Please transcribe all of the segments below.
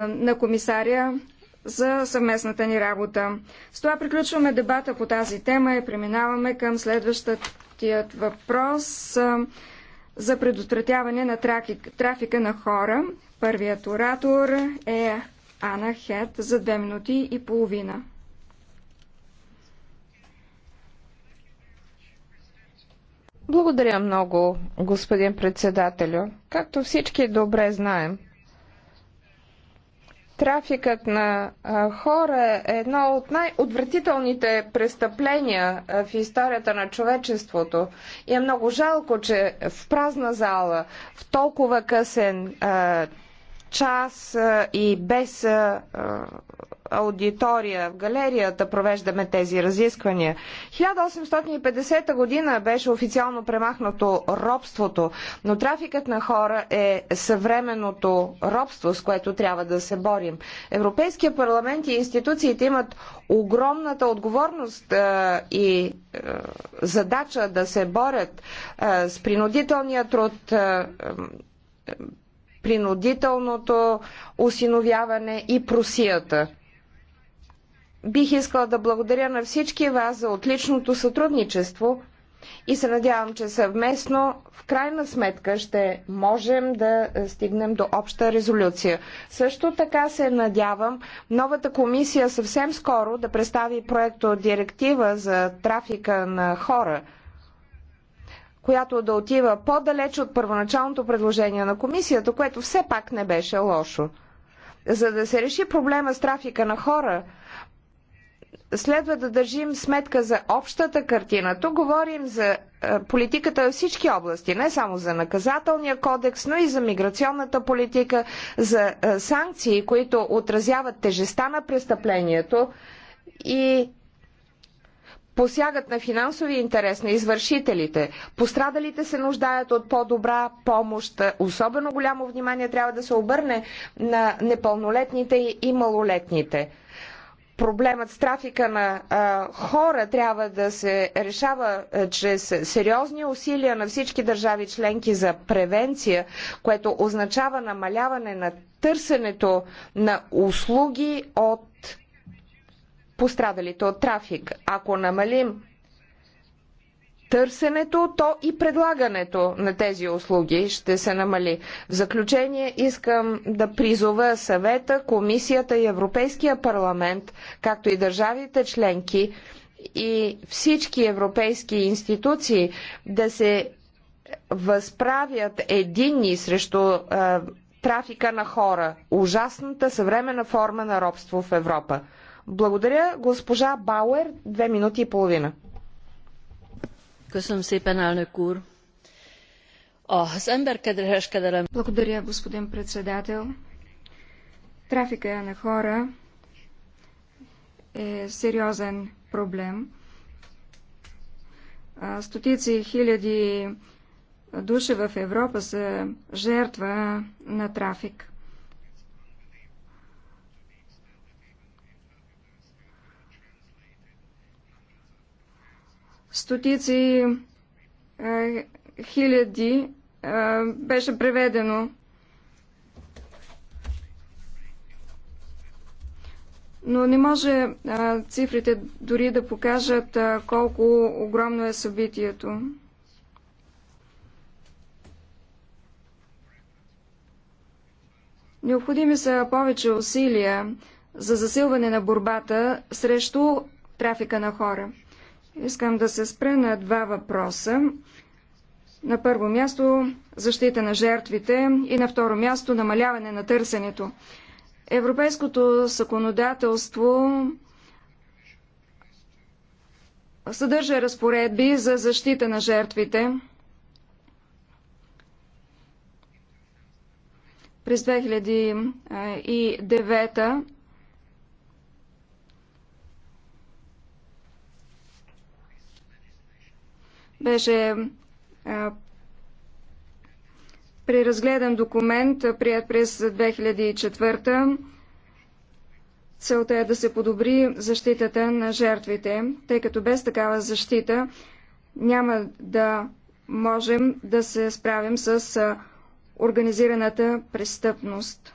на комисаря за съвместната ни работа. С това приключваме дебата по тази тема и преминаваме към следващият въпрос за предотвратяване на трафика на хора. Първият оратор е Ана Хет за две минути и половина. Благодаря много, господин председателю. Както всички добре знаем, Трафикът на хора е едно от най-отвратителните престъпления в историята на човечеството. И е много жалко, че в празна зала, в толкова късен час и без аудитория, в галерията провеждаме тези разисквания. 1850 година беше официално премахнато робството, но трафикът на хора е съвременното робство, с което трябва да се борим. Европейския парламент и институциите имат огромната отговорност а, и а, задача да се борят а, с принудителния труд. А, принудителното осиновяване и просията. Бих искала да благодаря на всички вас за отличното сътрудничество и се надявам, че съвместно в крайна сметка ще можем да стигнем до обща резолюция. Също така се надявам новата комисия съвсем скоро да представи проект от директива за трафика на хора която да отива по-далеч от първоначалното предложение на комисията, което все пак не беше лошо. За да се реши проблема с трафика на хора, следва да държим сметка за общата картина. Тук говорим за е, политиката във всички области, не само за наказателния кодекс, но и за миграционната политика, за е, санкции, които отразяват тежеста на престъплението и посягат на финансови интерес на извършителите. Пострадалите се нуждаят от по-добра помощ. Особено голямо внимание трябва да се обърне на непълнолетните и малолетните проблемът с трафика на а, хора трябва да се решава а, чрез сериозни усилия на всички държави членки за превенция, което означава намаляване на търсенето на услуги от пострадалите от трафик. Ако намалим търсенето, то и предлагането на тези услуги ще се намали. В заключение искам да призова съвета, комисията и Европейския парламент, както и държавите членки и всички европейски институции да се възправят единни срещу е, трафика на хора, ужасната съвременна форма на робство в Европа. Благодаря, госпожа Бауер, две минути и половина. Благодаря, господин председател. Трафика на хора е сериозен проблем. Стотици хиляди души в Европа са жертва на трафик. стотици е, хиляди е, беше преведено. Но не може е, цифрите дори да покажат е, колко огромно е събитието. Необходими са повече усилия за засилване на борбата срещу трафика на хора. Искам да се спра на два въпроса. На първо място защита на жертвите и на второ място намаляване на търсенето. Европейското законодателство съдържа разпоредби за защита на жертвите. През 2009 Беше преразгледан документ, прият през 2004 Целта е да се подобри защитата на жертвите, тъй като без такава защита няма да можем да се справим с организираната престъпност.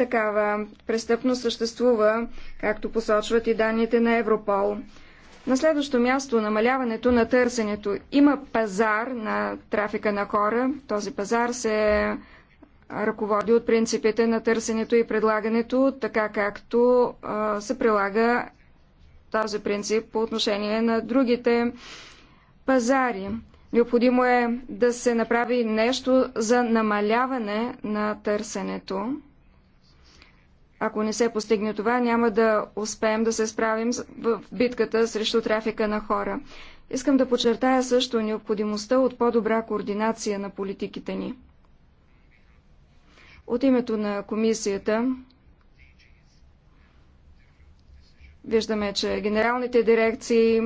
Такава престъпност съществува, както посочват и данните на Европол. На следващо място намаляването на търсенето. Има пазар на трафика на хора. Този пазар се ръководи от принципите на търсенето и предлагането, така както а, се прилага този принцип по отношение на другите пазари. Необходимо е да се направи нещо за намаляване на търсенето. Ако не се постигне това, няма да успеем да се справим в битката срещу трафика на хора. Искам да подчертая също необходимостта от по-добра координация на политиките ни. От името на комисията виждаме, че генералните дирекции,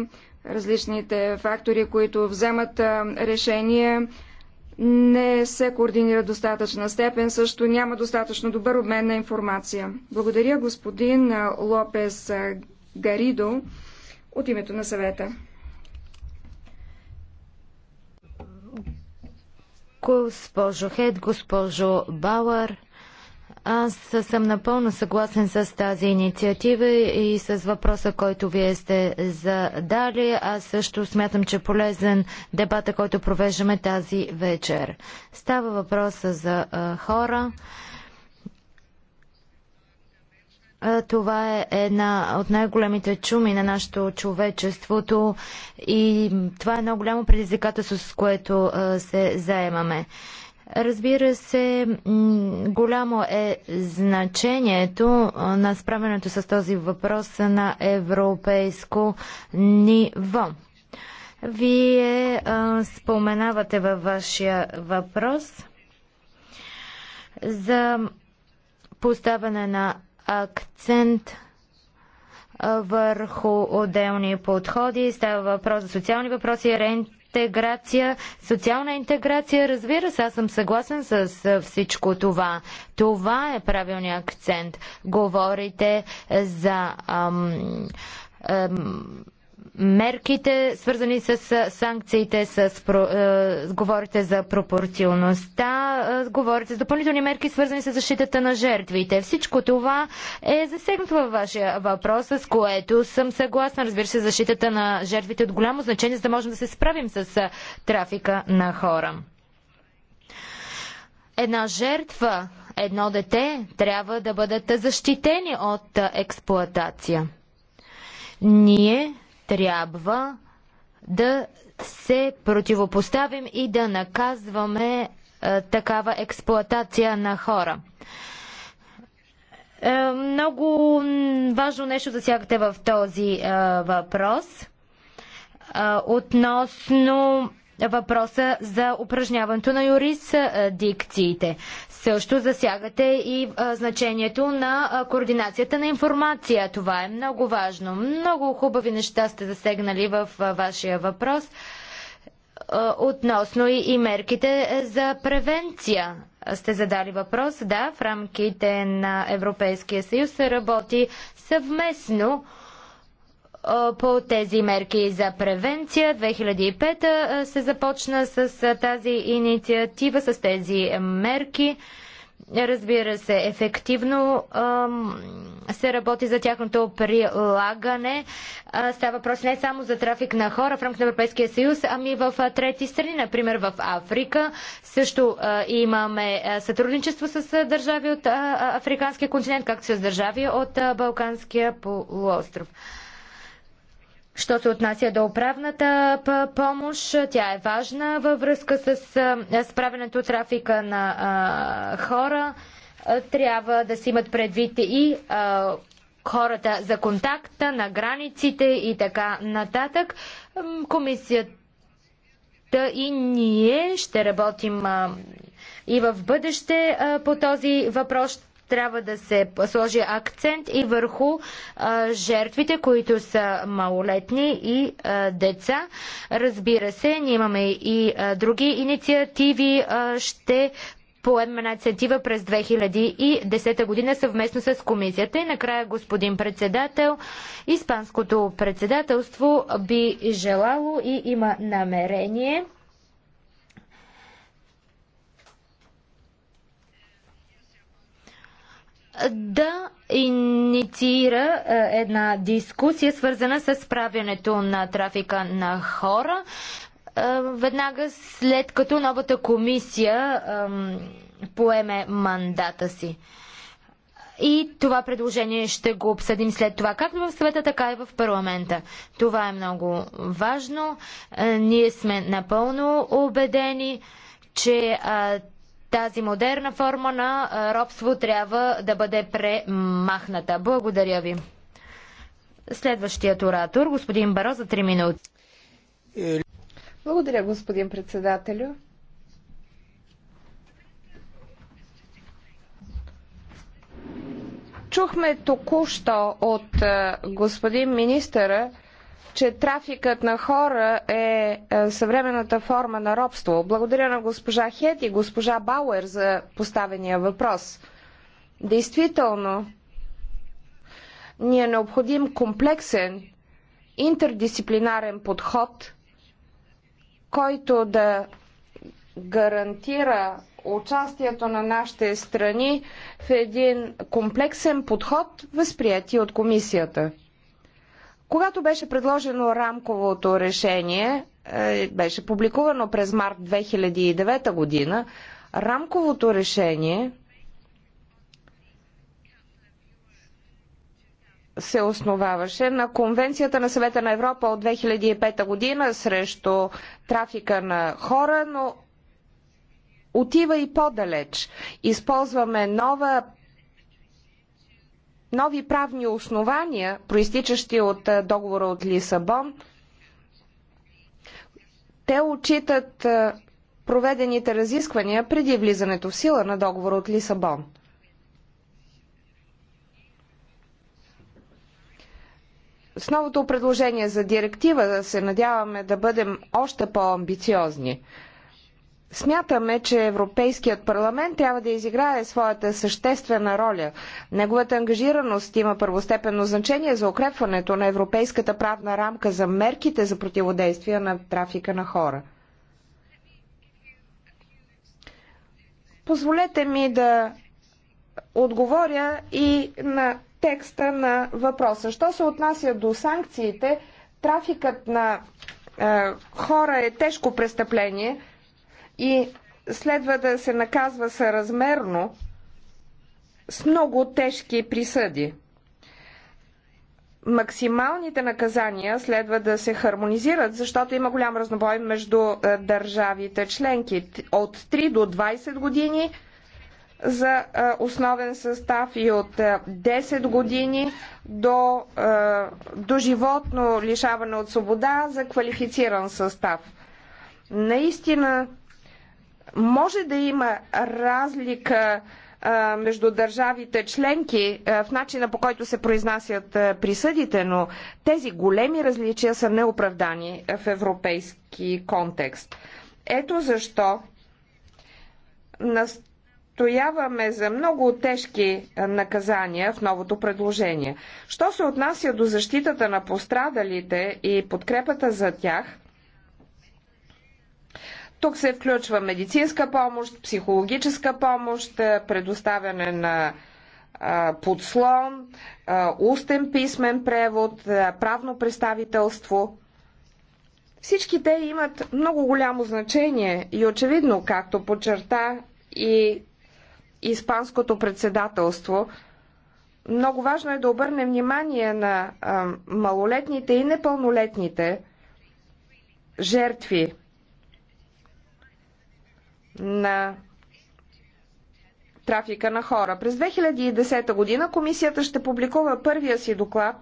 различните фактори, които вземат решение, не се координира достатъчна степен, също няма достатъчно добър обмен на информация. Благодаря господин Лопес Гаридо от името на съвета. Госпожо Хед, госпожо Бауър, аз съм напълно съгласен с тази инициатива и с въпроса, който вие сте задали. Аз също смятам, че е полезен дебата, който провеждаме тази вечер. Става въпроса за а, хора. А, това е една от най-големите чуми на нашето човечеството и това е едно голямо предизвикателство, с което а, се заемаме. Разбира се, голямо е значението на справянето с този въпрос на европейско ниво. Вие споменавате във вашия въпрос за поставяне на акцент върху отделни подходи. Става въпрос за социални въпроси, рент интеграция, социална интеграция. Разбира се, аз съм съгласен с всичко това. Това е правилният акцент. Говорите за ам, ам, мерките, свързани с санкциите, с, про, е, говорите за пропорционалността, е, говорите за допълнителни мерки, свързани с защитата на жертвите. Всичко това е засегнато във вашия въпрос, с което съм съгласна. Разбира се, защитата на жертвите е от голямо значение, за да можем да се справим с трафика на хора. Една жертва, едно дете трябва да бъдат защитени от експлоатация. Ние трябва да се противопоставим и да наказваме е, такава експлоатация на хора. Е, много важно нещо засягате в този е, въпрос е, относно въпроса за упражняването на юрис дикциите. Също засягате и а, значението на а, координацията на информация. Това е много важно. Много хубави неща сте засегнали в а, вашия въпрос относно и, и мерките е, за превенция. Сте задали въпрос, да, в рамките на Европейския съюз се работи съвместно по тези мерки за превенция. 2005 се започна с тази инициатива, с тези мерки. Разбира се, ефективно се работи за тяхното прилагане. Става въпрос не само за трафик на хора в рамките на Европейския съюз, ами в трети страни, например в Африка. Също имаме сътрудничество с държави от Африканския континент, както с държави от Балканския полуостров. Що се отнася до управната помощ, тя е важна във връзка с справенето трафика на хора. Трябва да се имат предвид и хората за контакта на границите и така нататък. Комисията и ние ще работим и в бъдеще по този въпрос трябва да се сложи акцент и върху а, жертвите, които са малолетни и а, деца. Разбира се, ние имаме и а, други инициативи. А, ще поемем една инициатива през 2010 година съвместно с комисията. И накрая, господин председател, Испанското председателство би желало и има намерение да инициира е, една дискусия, свързана с правянето на трафика на хора, е, веднага след като новата комисия поеме мандата си. И това предложение ще го обсъдим след това, както в съвета, така и в парламента. Това е много важно. Е, ние сме напълно убедени, че тази модерна форма на робство трябва да бъде премахната. Благодаря ви. Следващият оратор, господин Баро, за 3 минути. Благодаря, господин председателю. Чухме току-що от господин министъра, че трафикът на хора е, е съвременната форма на робство. Благодаря на госпожа Хет и госпожа Бауер за поставения въпрос. Действително, ни е необходим комплексен, интердисциплинарен подход, който да гарантира участието на нашите страни в един комплексен подход, възприяти от комисията. Когато беше предложено рамковото решение, е, беше публикувано през март 2009 година, рамковото решение се основаваше на Конвенцията на съвета на Европа от 2005 година срещу трафика на хора, но отива и по-далеч. Използваме нова нови правни основания, проистичащи от договора от Лисабон. Те отчитат проведените разисквания преди влизането в сила на договора от Лисабон. С новото предложение за директива се надяваме да бъдем още по-амбициозни. Смятаме, че Европейският парламент трябва да изиграе своята съществена роля. Неговата ангажираност има първостепенно значение за укрепването на европейската правна рамка за мерките за противодействие на трафика на хора. Позволете ми да отговоря и на текста на въпроса. Що се отнася до санкциите, трафикът на е, хора е тежко престъпление – и следва да се наказва съразмерно с много тежки присъди. Максималните наказания следва да се хармонизират, защото има голям разнобой между е, държавите членки. От 3 до 20 години за е, основен състав и от 10 е, години до, до животно лишаване от свобода за квалифициран състав. Наистина може да има разлика между държавите членки в начина по който се произнасят присъдите, но тези големи различия са неоправдани в европейски контекст. Ето защо настояваме за много тежки наказания в новото предложение. Що се отнася до защитата на пострадалите и подкрепата за тях – тук се включва медицинска помощ, психологическа помощ, е, предоставяне на подслон, устен писмен превод, е, правно представителство. Всички те имат много голямо значение и очевидно, както подчерта и Испанското председателство, много важно е да обърнем внимание на малолетните и непълнолетните жертви на трафика на хора. През 2010 година комисията ще публикува първия си доклад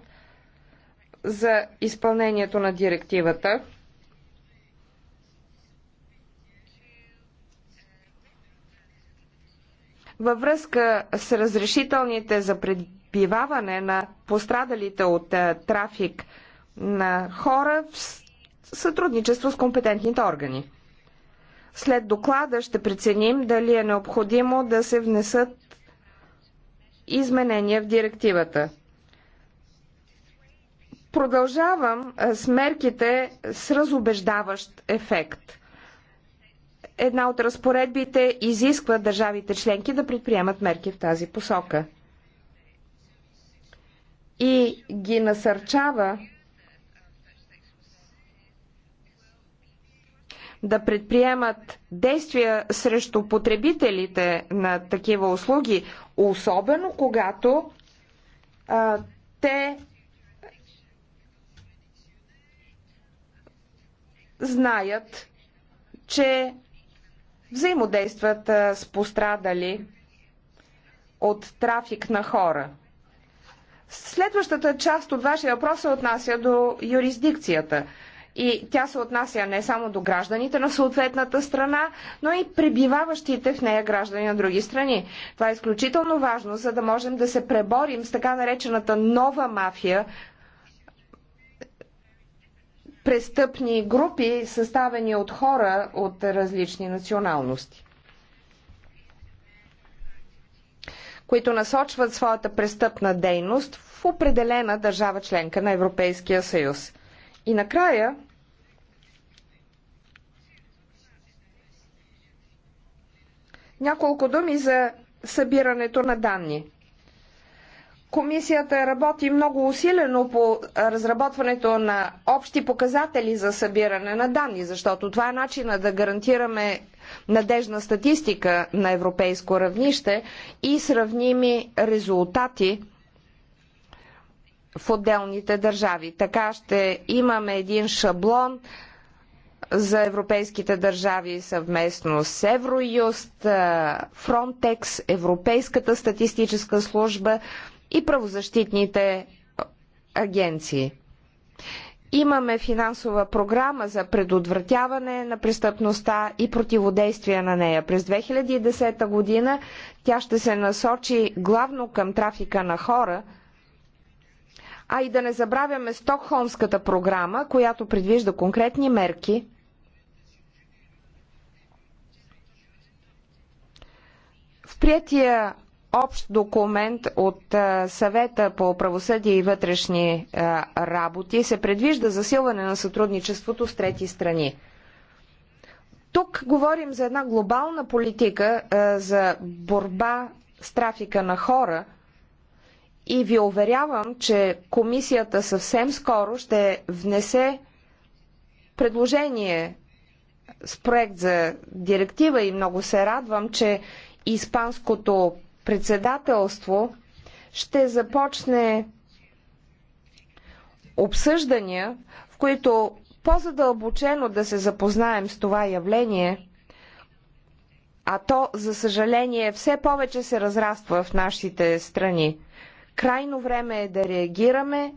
за изпълнението на директивата. Във връзка с разрешителните за пребиваване на пострадалите от е, трафик на хора в сътрудничество с компетентните органи. След доклада ще преценим дали е необходимо да се внесат изменения в директивата. Продължавам с мерките с разобеждаващ ефект. Една от разпоредбите изисква държавите членки да предприемат мерки в тази посока и ги насърчава да предприемат действия срещу потребителите на такива услуги, особено когато а, те знаят, че взаимодействат а, с пострадали от трафик на хора. Следващата част от вашия въпрос се отнася до юрисдикцията и тя се отнася не само до гражданите на съответната страна, но и пребиваващите в нея граждани на други страни. Това е изключително важно, за да можем да се преборим с така наречената нова мафия, престъпни групи, съставени от хора от различни националности, които насочват своята престъпна дейност в определена държава членка на Европейския съюз. И накрая, няколко думи за събирането на данни. Комисията работи много усилено по разработването на общи показатели за събиране на данни, защото това е начина да гарантираме надежна статистика на европейско равнище и сравними резултати в отделните държави. Така ще имаме един шаблон за европейските държави съвместно с Евроюст, Фронтекс, Европейската статистическа служба и правозащитните агенции. Имаме финансова програма за предотвратяване на престъпността и противодействие на нея. През 2010 година тя ще се насочи главно към трафика на хора – а и да не забравяме Стокхолмската програма, която предвижда конкретни мерки в приятия общ документ от съвета по правосъдие и вътрешни работи се предвижда засилване на сътрудничеството с трети страни. Тук говорим за една глобална политика за борба с трафика на хора и ви уверявам, че комисията съвсем скоро ще внесе предложение с проект за директива и много се радвам, че Испанското председателство ще започне обсъждания, в които по-задълбочено да се запознаем с това явление, а то, за съжаление, все повече се разраства в нашите страни. Крайно време е да реагираме.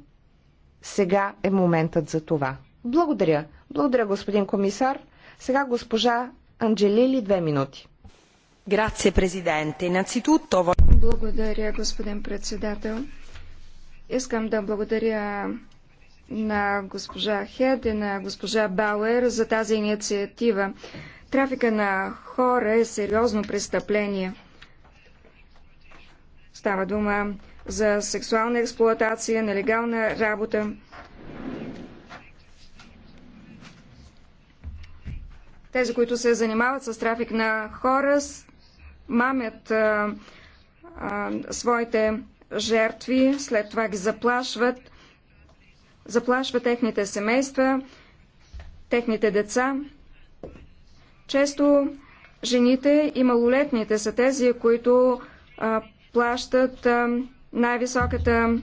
Сега е моментът за това. Благодаря. Благодаря, господин комисар. Сега госпожа Анджелили, две минути. Грация, президенте. Инацитутто... Благодаря, господин председател. Искам да благодаря на госпожа Хед и на госпожа Бауер за тази инициатива. Трафика на хора е сериозно престъпление. Става дума за сексуална експлоатация, нелегална работа. Тези, които се занимават с трафик на хора, мамят а, а, своите жертви, след това ги заплашват, заплашват техните семейства, техните деца. Често жените и малолетните са тези, които а, плащат а, най-високата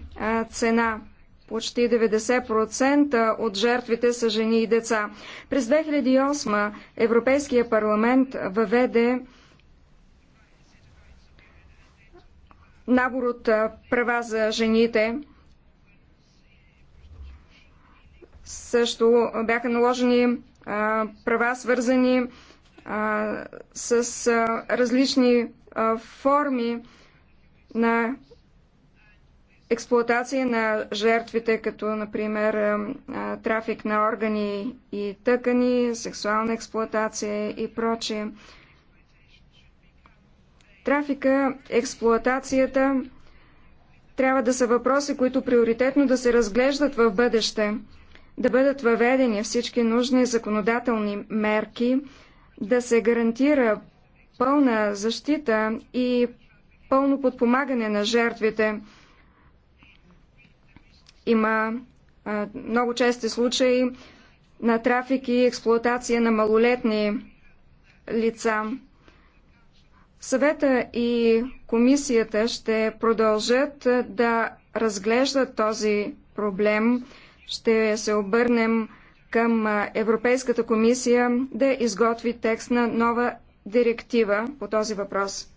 цена. Почти 90% от жертвите са жени и деца. През 2008 Европейския парламент въведе набор от права за жените. Също бяха наложени права, свързани с различни форми на експлуатация на жертвите, като например трафик на органи и тъкани, сексуална експлуатация и прочие. Трафика, експлуатацията трябва да са въпроси, които приоритетно да се разглеждат в бъдеще, да бъдат въведени всички нужни законодателни мерки, да се гарантира пълна защита и пълно подпомагане на жертвите – има а, много чести случаи на трафик и експлоатация на малолетни лица. Съвета и комисията ще продължат да разглеждат този проблем. Ще се обърнем към Европейската комисия да изготви текст на нова директива по този въпрос.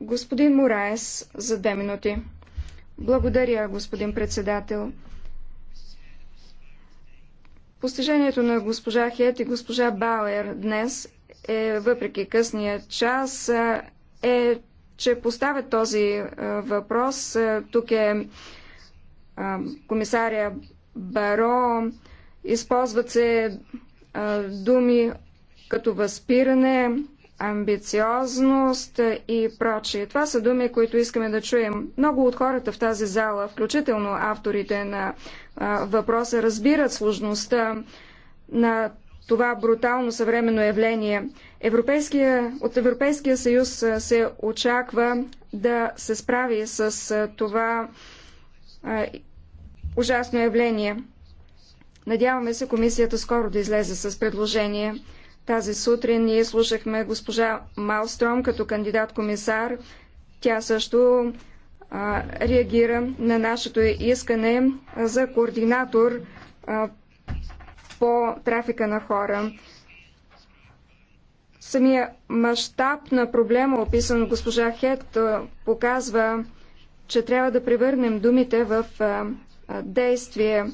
Господин Мораес за две минути. Благодаря, господин председател. Постижението на госпожа Хет и госпожа Бауер днес е, въпреки късния час, е, че поставят този е, въпрос. Е, тук е, е комисаря Баро, използват се думи като възпиране, амбициозност и прочие. Това са думи, които искаме да чуем. Много от хората в тази зала, включително авторите на а, въпроса, разбират сложността на това брутално съвременно явление. Европейския, от Европейския съюз се очаква да се справи с това а, ужасно явление. Надяваме се комисията скоро да излезе с предложение. Тази сутрин ние слушахме госпожа Малстром като кандидат-комисар. Тя също а, реагира на нашето искане за координатор а, по трафика на хора. Самия мащаб на проблема, описан от госпожа Хет, показва, че трябва да превърнем думите в действие.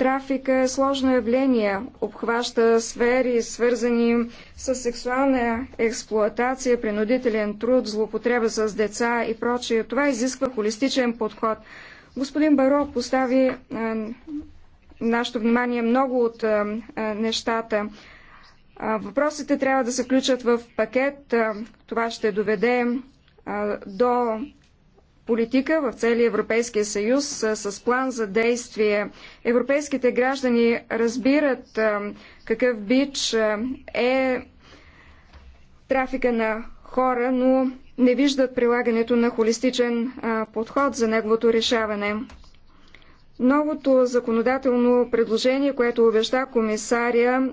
Трафика е сложно явление, обхваща сфери, свързани с сексуална експлоатация, принудителен труд, злоупотреба с деца и прочее. Това изисква холистичен подход. Господин Баро постави е, нашето внимание много от е, е нещата. Е, въпросите трябва да се включат в пакет. Е, това ще доведе до политика в целия Европейския съюз с план за действие. Европейските граждани разбират какъв бич е трафика на хора, но не виждат прилагането на холистичен подход за неговото решаване. Новото законодателно предложение, което обеща комисаря,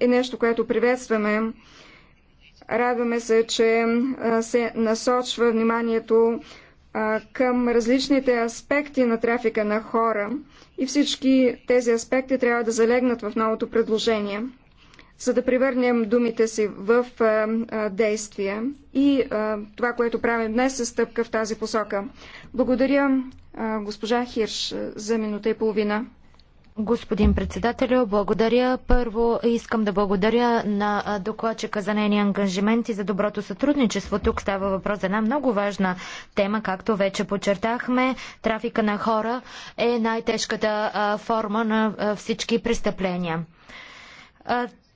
е нещо, което приветстваме. Радваме се, че се насочва вниманието към различните аспекти на трафика на хора и всички тези аспекти трябва да залегнат в новото предложение, за да превърнем думите си в действия. И това, което правим днес, е стъпка в тази посока. Благодаря госпожа Хирш за минута и половина. Господин председател, благодаря. Първо искам да благодаря на докладчика за нейния ангажимент и за доброто сътрудничество. Тук става въпрос за една много важна тема, както вече подчертахме. Трафика на хора е най-тежката форма на всички престъпления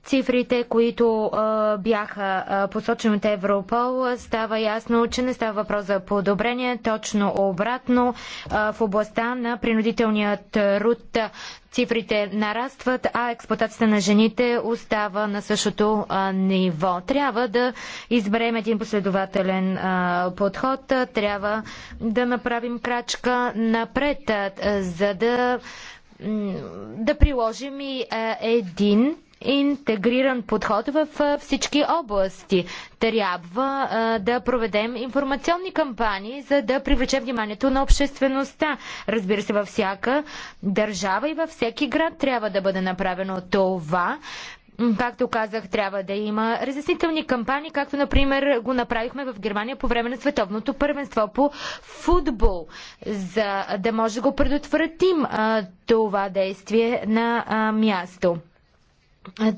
цифрите, които а, бяха а, посочени от Европол, става ясно, че не става въпрос за подобрение, точно обратно а, в областта на принудителният труд цифрите нарастват, а експлуатацията на жените остава на същото а, ниво. Трябва да изберем един последователен а, подход, трябва да направим крачка напред, а, за да, да приложим и а, един интегриран подход в всички области. Трябва да проведем информационни кампании, за да привлечем вниманието на обществеността. Разбира се, във всяка държава и във всеки град трябва да бъде направено това. Както казах, трябва да има разяснителни кампании, както, например, го направихме в Германия по време на световното първенство по футбол, за да може да го предотвратим а, това действие на а, място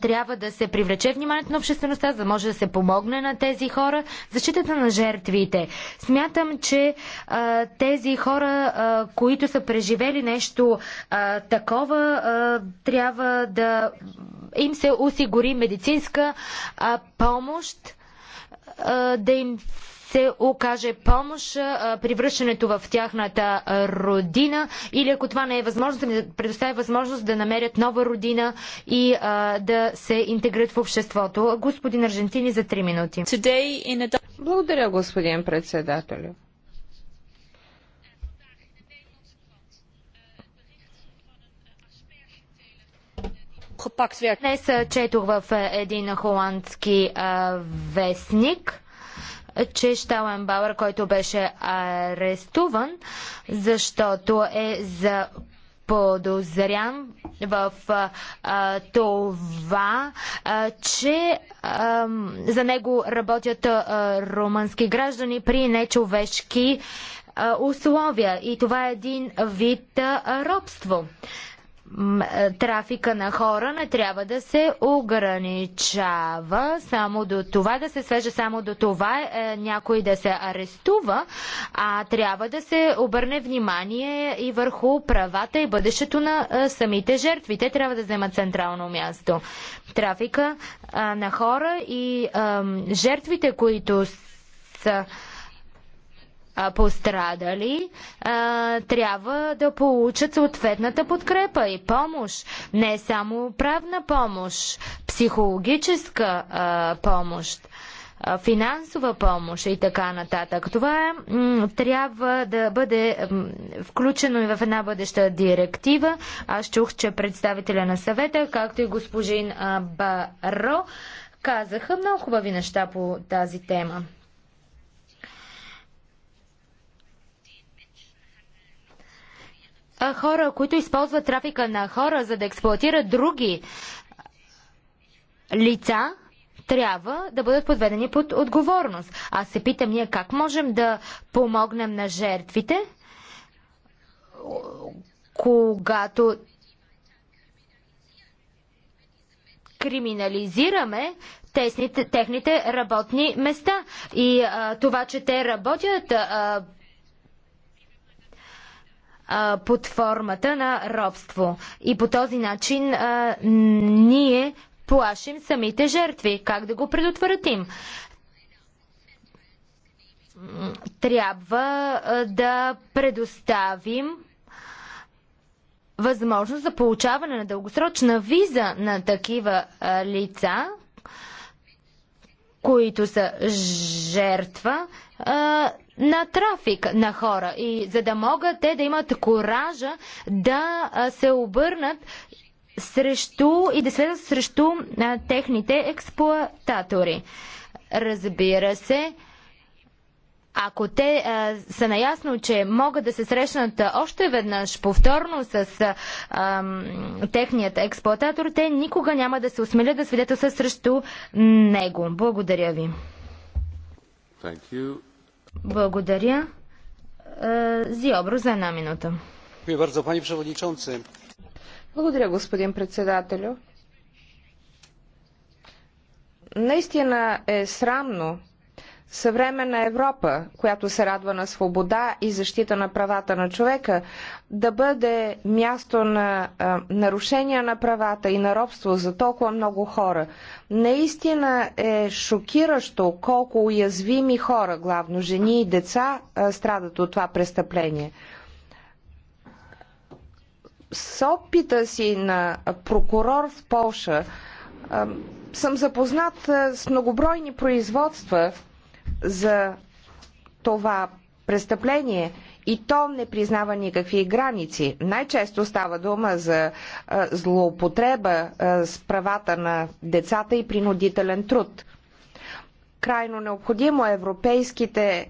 трябва да се привлече вниманието на обществеността, за да може да се помогне на тези хора. Защитата на жертвите. Смятам, че а, тези хора, а, които са преживели нещо а, такова, а, трябва да им се осигури медицинска а, помощ, а, да им се окаже помощ при връщането в тяхната родина или ако това не е възможно, да им предоставя възможност да намерят нова родина и а, да се интегрират в обществото. Господин Аржентини за 3 минути. Благодаря, господин председател, Днес четох в един холандски а, вестник че Штауенбауер, който беше арестуван, защото е за подозрян в а, това, а, че а, за него работят а, румънски граждани при нечовешки а, условия. И това е един вид а, робство. Е, трафика на хора не трябва да се ограничава само до това, да се свежа само до това е, някой да се арестува, а трябва да се обърне внимание и върху правата и бъдещето на е, самите жертви. Те трябва да вземат централно място. Трафика на хора и жертвите, които са пострадали, трябва да получат съответната подкрепа и помощ. Не само правна помощ, психологическа помощ финансова помощ и така нататък. Това трябва да бъде включено и в една бъдеща директива. Аз чух, че представителя на съвета, както и господин Баро, казаха много хубави неща по тази тема. хора, които използват трафика на хора, за да експлуатират други лица, трябва да бъдат подведени под отговорност. Аз се питам ние как можем да помогнем на жертвите, когато криминализираме тесните, техните работни места. И а, това, че те работят а, под формата на робство. И по този начин а, ние плашим самите жертви. Как да го предотвратим? Трябва а, да предоставим възможност за получаване на дългосрочна виза на такива а, лица, които са жертва а, на трафик на хора. И за да могат те да имат коража да а, се обърнат срещу и да следват срещу а, техните експлуататори. Разбира се, а, ако те а, са наясно, че могат да се срещнат още веднъж повторно с а, техният експлоататор, те никога няма да се осмелят да свидетелстват срещу него. Благодаря ви. Благодаря. Зиобро за една минута. Благодаря, господин председателю. Наистина е срамно, съвременна Европа, която се радва на свобода и защита на правата на човека, да бъде място на а, нарушения на правата и на робство за толкова много хора. Наистина е шокиращо колко уязвими хора, главно жени и деца, а, страдат от това престъпление. С опита си на прокурор в Полша съм запознат с многобройни производства, в за това престъпление и то не признава никакви граници. Най-често става дума за а, злоупотреба а, с правата на децата и принудителен труд. Крайно необходимо е европейските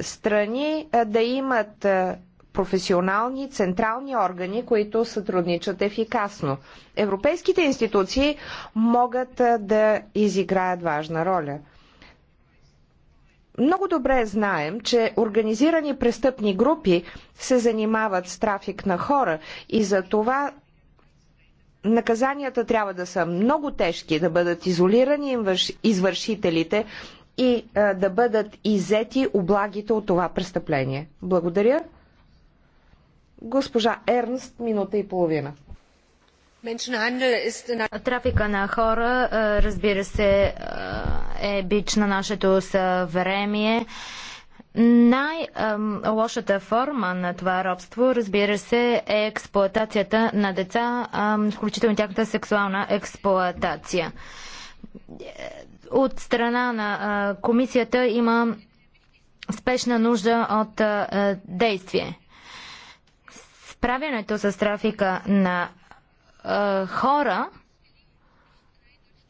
страни а, да имат а, професионални централни органи, които сътрудничат ефикасно. Европейските институции могат а, да изиграят важна роля. Много добре знаем, че организирани престъпни групи се занимават с трафик на хора и за това наказанията трябва да са много тежки, да бъдат изолирани извършителите и да бъдат иззети облагите от това престъпление. Благодаря. Госпожа Ернст, минута и половина. Трафика на хора, разбира се, е бич на нашето съвремие. Най-лошата форма на това робство, разбира се, е експлоатацията на деца, включително тяхната сексуална експлоатация. От страна на комисията има спешна нужда от действие. Справянето с трафика на хора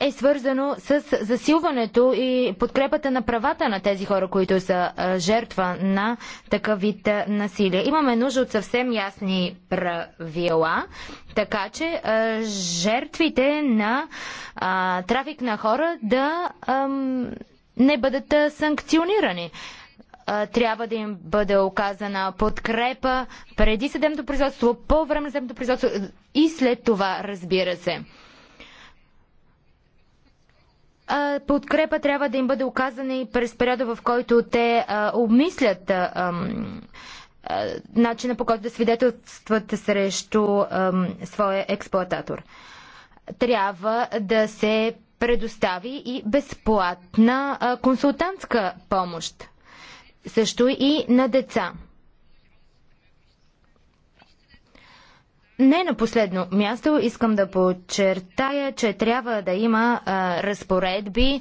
е свързано с засилването и подкрепата на правата на тези хора, които са жертва на такъв вид насилие. Имаме нужда от съвсем ясни правила, така че жертвите на трафик на хора да не бъдат санкционирани трябва да им бъде оказана подкрепа преди съдебното производство, по време на съдебното производство и след това, разбира се. Подкрепа трябва да им бъде оказана и през периода, в който те обмислят начина по който да свидетелстват срещу своя експлоататор. Трябва да се предостави и безплатна консултантска помощ също и на деца. Не на последно място искам да подчертая, че трябва да има а, разпоредби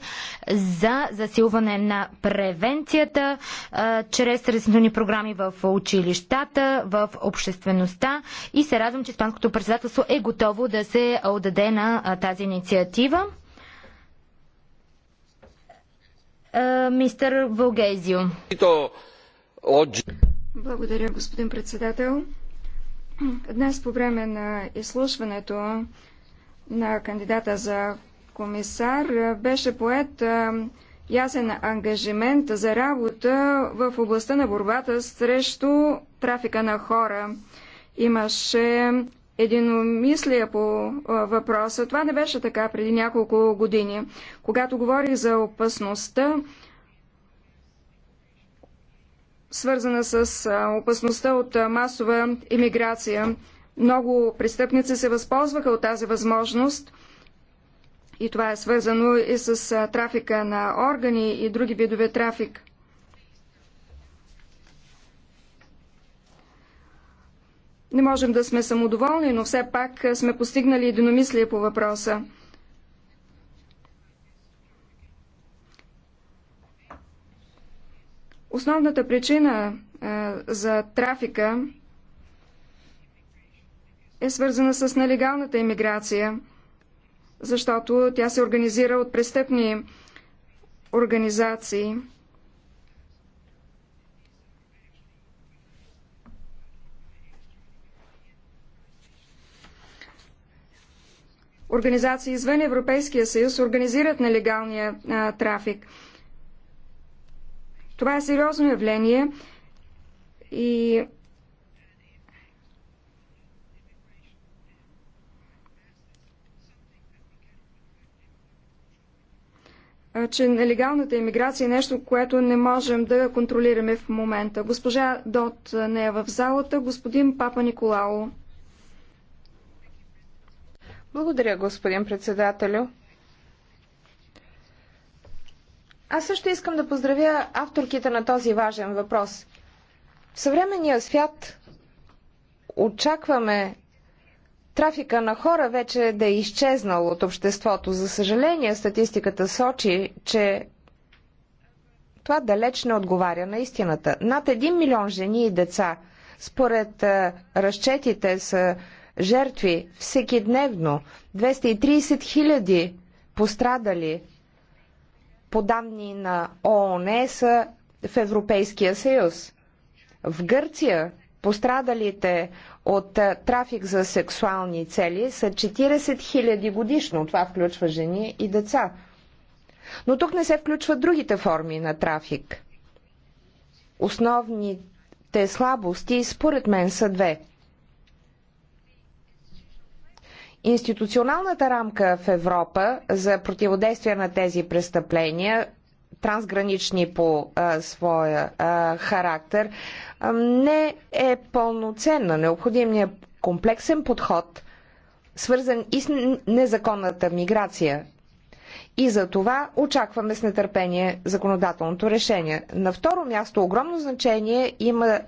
за засилване на превенцията а, чрез разяснителни програми в училищата, в обществеността и се радвам, че Испанското председателство е готово да се отдаде на а, тази инициатива. Е, мистер Вългезио. Благодаря, господин председател. Днес по време на изслушването на кандидата за комисар беше поет е, ясен ангажимент за работа в областта на борбата срещу трафика на хора. Имаше единомислие по въпроса. Това не беше така преди няколко години. Когато говорих за опасността, свързана с опасността от масова иммиграция. много престъпници се възползваха от тази възможност и това е свързано и с трафика на органи и други видове трафик. Не можем да сме самодоволни, но все пак сме постигнали единомислие по въпроса. Основната причина а, за трафика е свързана с нелегалната иммиграция, защото тя се организира от престъпни организации – организации извън Европейския съюз организират нелегалния а, трафик. Това е сериозно явление и че нелегалната иммиграция е нещо, което не можем да контролираме в момента. Госпожа Дот не е в залата. Господин Папа Николао. Благодаря, господин председателю. Аз също искам да поздравя авторките на този важен въпрос. В съвременния свят очакваме трафика на хора вече да е изчезнал от обществото. За съжаление, статистиката сочи, че това далеч не отговаря на истината. Над 1 милион жени и деца, според разчетите, са жертви всеки дневно, 230 хиляди пострадали по данни на ООН са в Европейския съюз. В Гърция пострадалите от трафик за сексуални цели са 40 хиляди годишно. Това включва жени и деца. Но тук не се включват другите форми на трафик. Основните слабости, според мен, са две – Институционалната рамка в Европа за противодействие на тези престъпления, трансгранични по а, своя а, характер, а, не е пълноценна. Необходимният е комплексен подход, свързан и с незаконната миграция. И за това очакваме с нетърпение законодателното решение. На второ място огромно значение има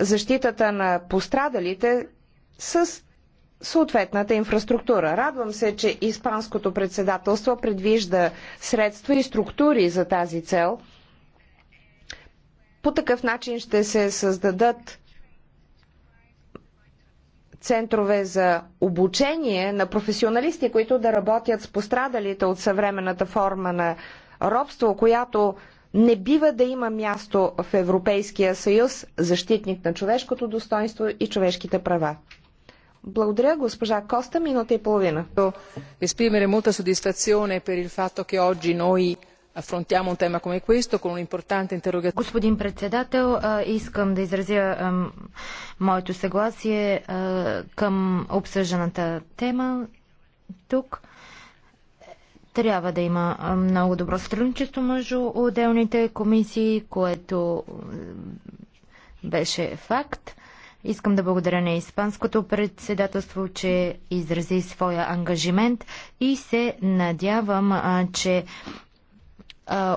защитата на пострадалите с съответната инфраструктура. Радвам се, че Испанското председателство предвижда средства и структури за тази цел. По такъв начин ще се създадат центрове за обучение на професионалисти, които да работят с пострадалите от съвременната форма на робство, която не бива да има място в Европейския съюз, защитник на човешкото достоинство и човешките права. Благодаря, госпожа Коста, минута и половина. Esprimere molta soddisfazione per il fatto che oggi noi affrontiamo un tema come questo con un'importante interrogazione. Господин председател, искам да изразя моето съгласие към обсъжданата тема тук. Трябва да има много добро сътрудничество между отделните комисии, което беше факт. Искам да благодаря на Испанското председателство, че изрази своя ангажимент и се надявам, че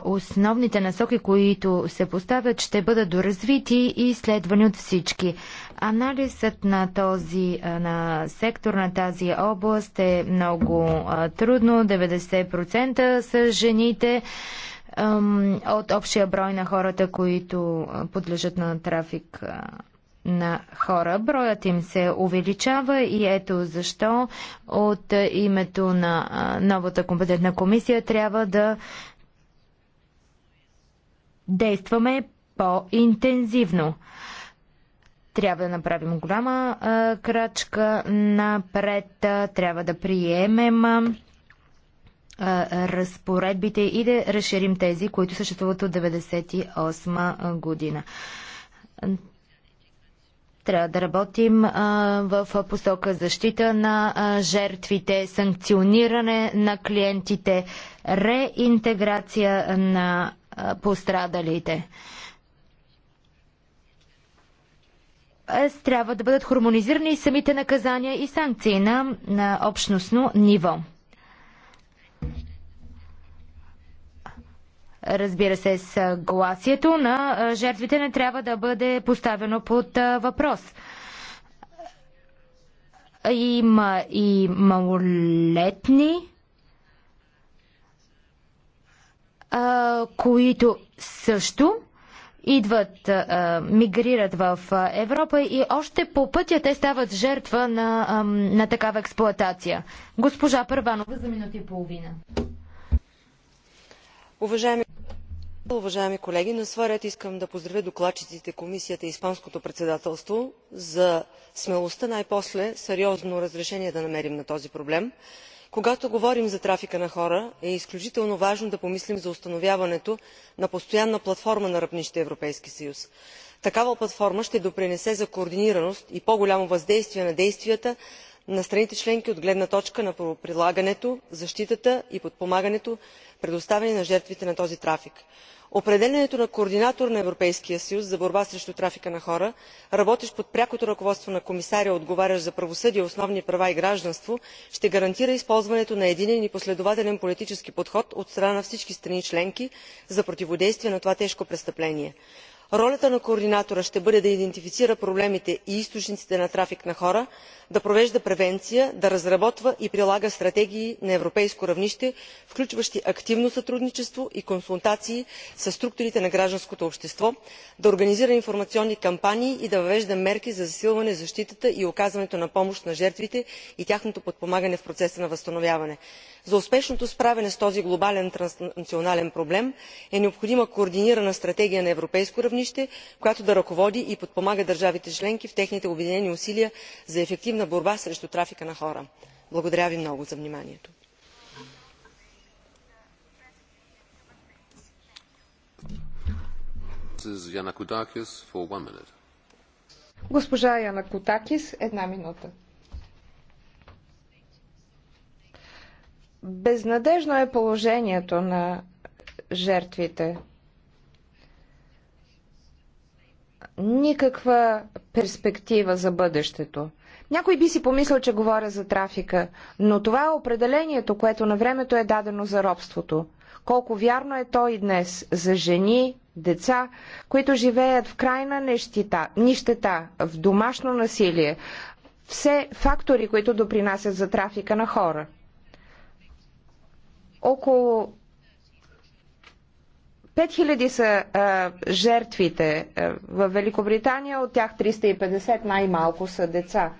основните насоки, които се поставят, ще бъдат доразвити и следвани от всички. Анализът на този на сектор, на тази област е много трудно. 90% са жените от общия брой на хората, които подлежат на трафик на хора. Броят им се увеличава и ето защо от името на новата компетентна комисия трябва да действаме по-интензивно. Трябва да направим голяма а, крачка напред, а, трябва да приемем а, разпоредбите и да разширим тези, които съществуват от 1998 година. Трябва да работим а, в посока защита на а, жертвите, санкциониране на клиентите, реинтеграция на а, пострадалите. Трябва да бъдат хармонизирани и самите наказания и санкции на, на общностно ниво. разбира се, съгласието на жертвите не трябва да бъде поставено под въпрос. Има и малолетни, които също идват, мигрират в Европа и още по пътя те стават жертва на, на такава експлоатация. Госпожа Първанова за минути и половина. Уважаеми уважаеми колеги! на свой ред искам да поздравя докладчиците комисията и испанското председателство за смелостта най после сериозно разрешение да намерим на този проблем. когато говорим за трафика на хора е изключително важно да помислим за установяването на постоянна платформа на равнище европейски съюз. такава платформа ще допринесе за координираност и по голямо въздействие на действията на страните членки от гледна точка на правоприлагането защитата и подпомагането предоставени на жертвите на този трафик определянето на координатор на европейския съюз за борба срещу трафика на хора работещ под прякото ръководство на комисаря отговарящ за правосъдие основни права и гражданство ще гарантира използването на единен и последователен политически подход от страна на всички страни членки за противодействие на това тежко престъпление ролята на координатора ще бъде да идентифицира проблемите и източниците на трафик на хора да провежда превенция да разработва и прилага стратегии на европейско равнище включващи активно сътрудничество и консултации със структурите на гражданското общество да организира информационни кампании и да въвежда мерки за засилване защитата и оказването на помощ на жертвите и тяхното подпомагане в процеса на възстановяване. за успешното справяне с този глобален транснационален проблем е необходима координирана стратегия на европейско равнище равнище която да ръководи и подпомага държавите членки в техните обединени усилия за ефективна борба срещу трафика на хора. благодаря ви много за вниманието. Госпожа Янакотакис, една минута. Безнадежно е положението на жертвите никаква перспектива за бъдещето. Някой би си помислил, че говоря за трафика, но това е определението, което на времето е дадено за робството. Колко вярно е то и днес за жени, деца, които живеят в крайна нещита, нищета, в домашно насилие. Все фактори, които допринасят за трафика на хора. Около 5000 са а, жертвите в Великобритания, от тях 350 най-малко са деца.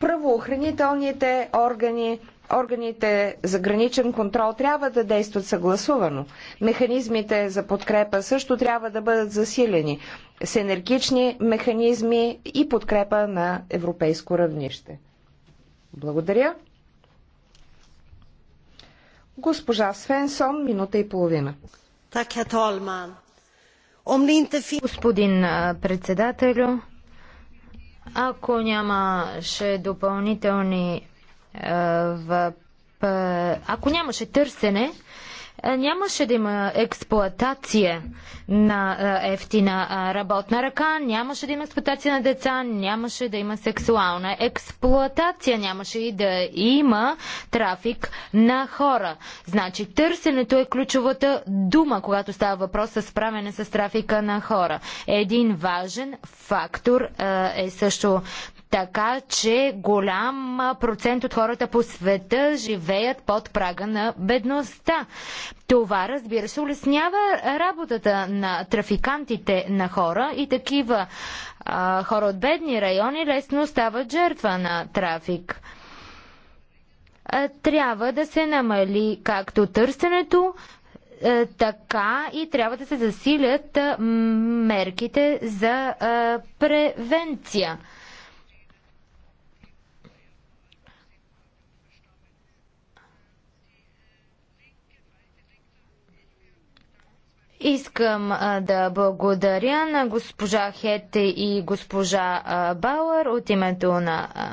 Правоохранителните органи, органите за граничен контрол трябва да действат съгласувано. Механизмите за подкрепа също трябва да бъдат засилени с енергични механизми и подкрепа на европейско равнище. Благодаря. Госпожа Свенсон, минута и половина. Господин председателю, ако нямаше допълнителни е, ако нямаше търсене, е, нямаше да има експлоатация на е, ефтина е, работна ръка, нямаше да има експлоатация на деца, нямаше да има сексуална експлоатация, нямаше и да има трафик на хора. Значи търсенето е ключовата дума, когато става въпрос за справяне с трафика на хора. Един важен фактор е също така че голям процент от хората по света живеят под прага на бедността. Това, разбира се, улеснява работата на трафикантите на хора и такива а, хора от бедни райони лесно стават жертва на трафик трябва да се намали както търсенето, така и трябва да се засилят мерките за превенция. Искам а, да благодаря на госпожа Хете и госпожа а, Бауер от името на а,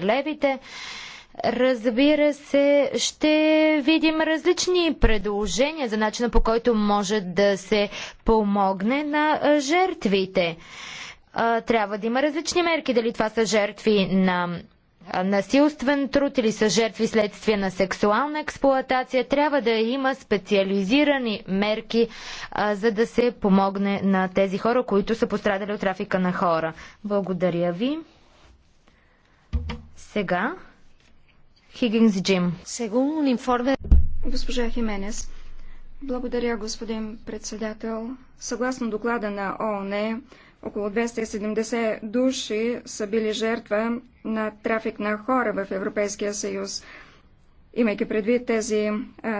левите. Разбира се, ще видим различни предложения за начина по който може да се помогне на жертвите. Трябва да има различни мерки, дали това са жертви на насилствен труд или са жертви следствие на сексуална експлоатация, трябва да има специализирани мерки, а, за да се помогне на тези хора, които са пострадали от трафика на хора. Благодаря ви. Сега Хигинс Джим. Сегун информе... Госпожа Хименес, благодаря, господин председател. Съгласно доклада на ООН, около 270 души са били жертва на трафик на хора в Европейския съюз. Имайки предвид тези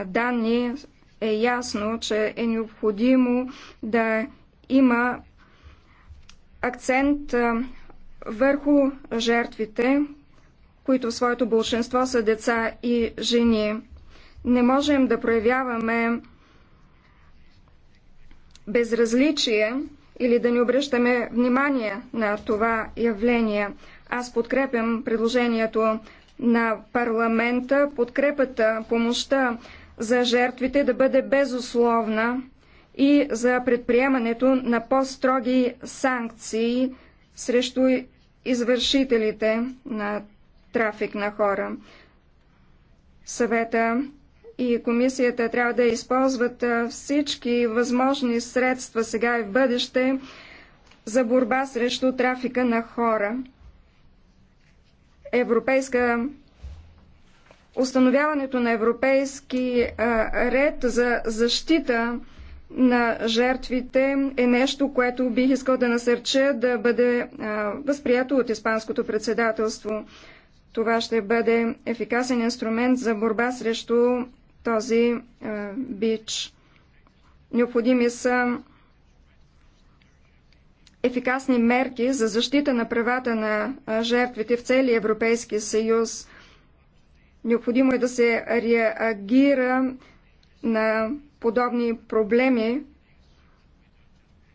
данни, е ясно, че е необходимо да има акцент върху жертвите, които в своето большинство са деца и жени. Не можем да проявяваме безразличие или да не обръщаме внимание на това явление. Аз подкрепям предложението на парламента, подкрепата, помощта за жертвите да бъде безусловна и за предприемането на по-строги санкции срещу извършителите на трафик на хора. Съвета и комисията трябва да използват всички възможни средства сега и в бъдеще за борба срещу трафика на хора. Европейска установяването на европейски ред за защита на жертвите е нещо, което бих искал да насърча да бъде възприято от Испанското председателство. Това ще бъде ефикасен инструмент за борба срещу този е, бич. Необходими са ефикасни мерки за защита на правата на е, жертвите в целия Европейски съюз. Необходимо е да се реагира на подобни проблеми,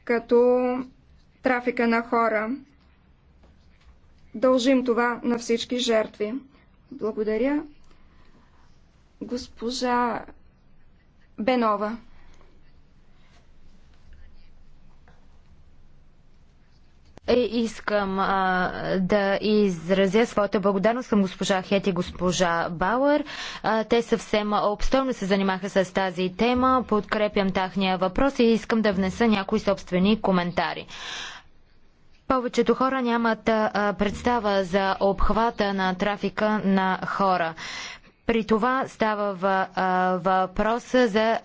като трафика на хора. Дължим това на всички жертви. Благодаря. Госпожа Бенова. Е, искам а, да изразя своята благодарност към госпожа Хет и госпожа Бауер. А, те съвсем обстойно се занимаха с тази тема. Подкрепям тахния въпрос и искам да внеса някои собствени коментари. Повечето хора нямат а, представа за обхвата на трафика на хора. При това става въпрос за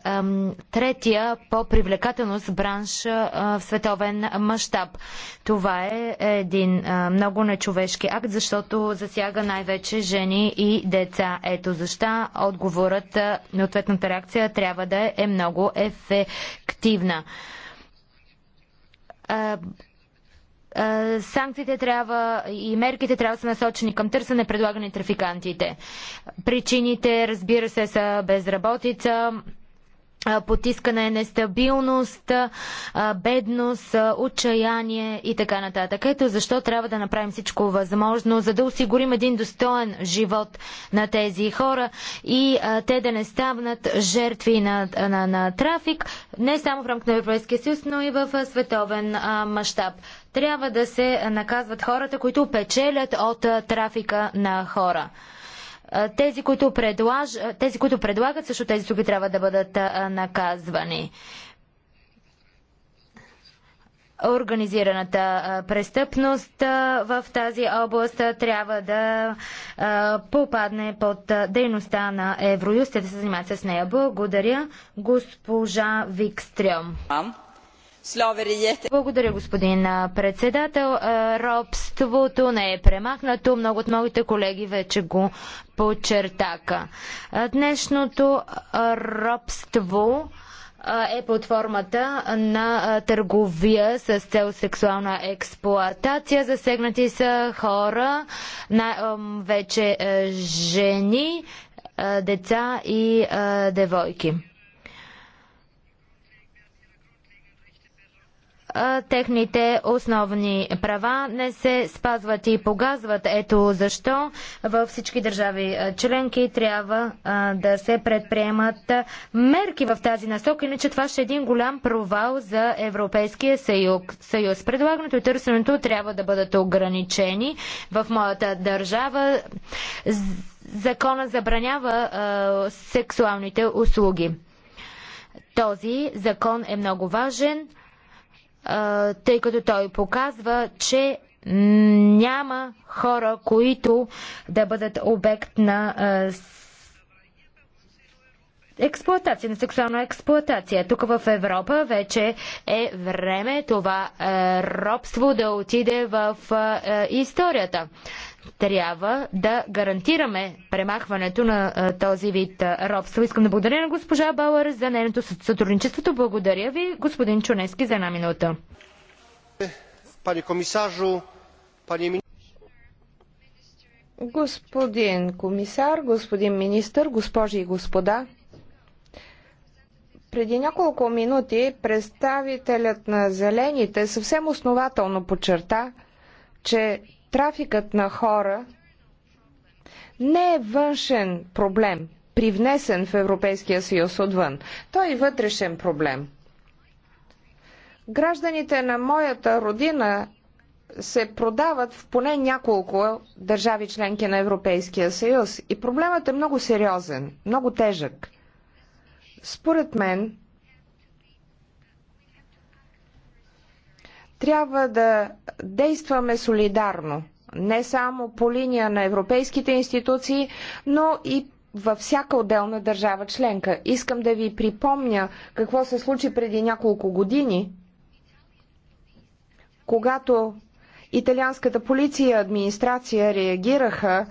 третия по привлекателност бранш в световен мащаб. Това е един много нечовешки акт, защото засяга най-вече жени и деца. Ето защо отговорът, ответната реакция трябва да е много ефективна санкциите трябва и мерките трябва да са насочени към търсене на трафикантите. Причините, разбира се, са безработица, потискане, нестабилност, бедност, отчаяние и така нататък. Ето защо трябва да направим всичко възможно, за да осигурим един достоен живот на тези хора и те да не станат жертви на, на, на трафик, не само в рамките на Европейския съюз, но и в световен мащаб. Трябва да се наказват хората, които печелят от трафика на хора. Тези които, предлаж... тези, които предлагат, също тези слуги трябва да бъдат наказвани. Организираната престъпност в тази област трябва да попадне под дейността на Евроюст. Те да се занимават с нея. Благодаря, госпожа Викстрем. Благодаря, господин председател. Робството не е премахнато. Много от моите колеги вече го подчертака. Днешното робство е под формата на търговия с цел сексуална експлоатация. Засегнати са хора, вече жени, деца и девойки. техните основни права не се спазват и погазват. Ето защо във всички държави членки трябва да се предприемат мерки в тази насока, иначе това ще е един голям провал за Европейския съюз. Предлагането и търсенето трябва да бъдат ограничени. В моята държава закона забранява сексуалните услуги. Този закон е много важен тъй като той показва, че няма хора, които да бъдат обект на експлоатация, на сексуална експлоатация. Тук в Европа вече е време това робство да отиде в историята трябва да гарантираме премахването на а, този вид а, робство. Искам да благодаря на госпожа Бауър за нейното сътрудничеството. Благодаря ви, господин Чунески, за една минута. Пани комисажу, пани... Господин комисар, господин министр, госпожи и господа, преди няколко минути представителят на Зелените съвсем основателно подчерта, че Трафикът на хора не е външен проблем, привнесен в Европейския съюз отвън. Той е вътрешен проблем. Гражданите на моята родина се продават в поне няколко държави членки на Европейския съюз. И проблемът е много сериозен, много тежък. Според мен, Трябва да действаме солидарно, не само по линия на европейските институции, но и във всяка отделна държава членка. Искам да ви припомня какво се случи преди няколко години, когато италианската полиция и администрация реагираха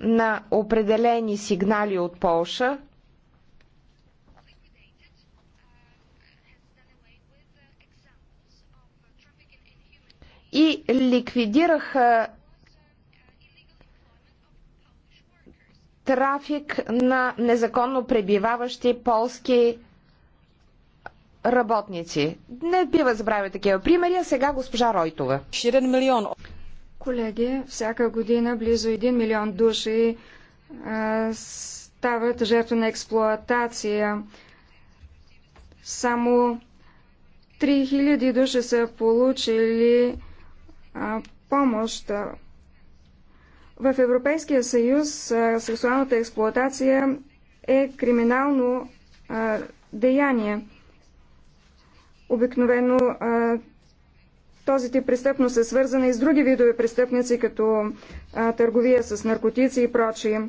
на определени сигнали от Полша и ликвидираха трафик на незаконно пребиваващи полски работници. Не бива забравя такива примери, а сега госпожа Ройтова. 1 милион. Колеги, всяка година близо 1 милион души а, стават жертва на експлоатация. Само 3000 души са получили помощ. В Европейския съюз сексуалната експлоатация е криминално деяние. Обикновено този тип престъпност е свързана и с други видове престъпници, като търговия с наркотици и прочие.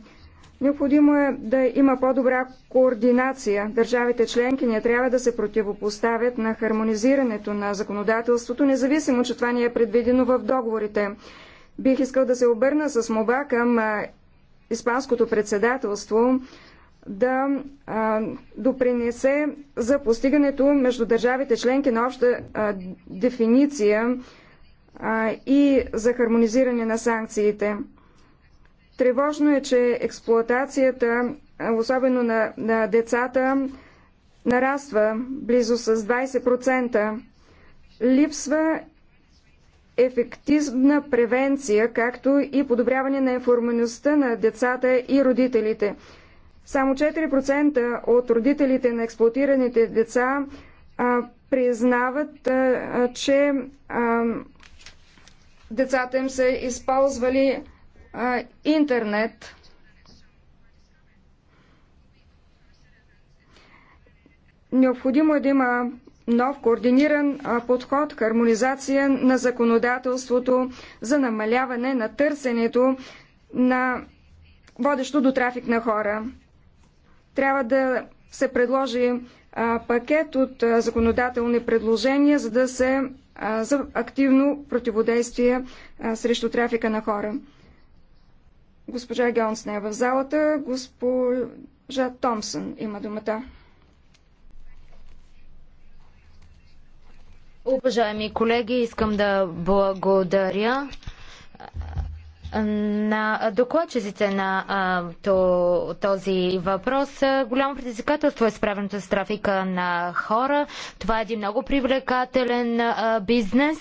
Необходимо е да има по-добра координация. Държавите членки не трябва да се противопоставят на хармонизирането на законодателството, независимо, че това не е предвидено в договорите. Бих искал да се обърна с моба към Испанското председателство да а, допринесе за постигането между държавите членки на обща а, дефиниция а, и за хармонизиране на санкциите. Тревожно е, че експлоатацията, особено на, на децата, нараства близо с 20%. Липсва ефективна превенция, както и подобряване на информаността на децата и родителите. Само 4% от родителите на експлуатираните деца а, признават, а, че а, децата им са използвали интернет. Необходимо е да има нов координиран подход, хармонизация на законодателството за намаляване на търсенето на водещо до трафик на хора. Трябва да се предложи пакет от законодателни предложения, за да се за активно противодействие срещу трафика на хора. Госпожа Гелнс не е в залата. Госпожа Томсън има думата. Уважаеми колеги, искам да благодаря на докладчиците на този въпрос. Голямо предизвикателство е справенето с трафика на хора. Това е един много привлекателен бизнес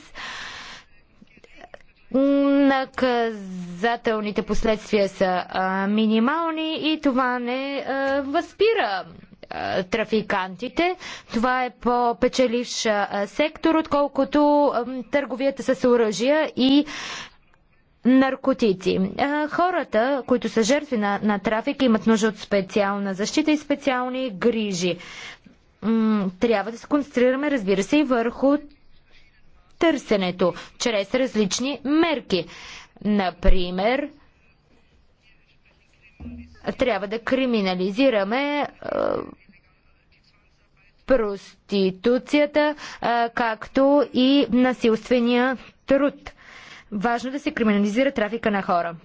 наказателните последствия са а, минимални и това не а, възпира а, трафикантите. Това е по-печеливш сектор, отколкото а, търговията с оръжия и наркотици. Хората, които са жертви на, на трафик, имат нужда от специална защита и специални грижи. Трябва да се концентрираме, разбира се, и върху търсенето чрез различни мерки. Например, трябва да криминализираме проституцията, както и насилствения труд. Важно е да се криминализира трафика на хора.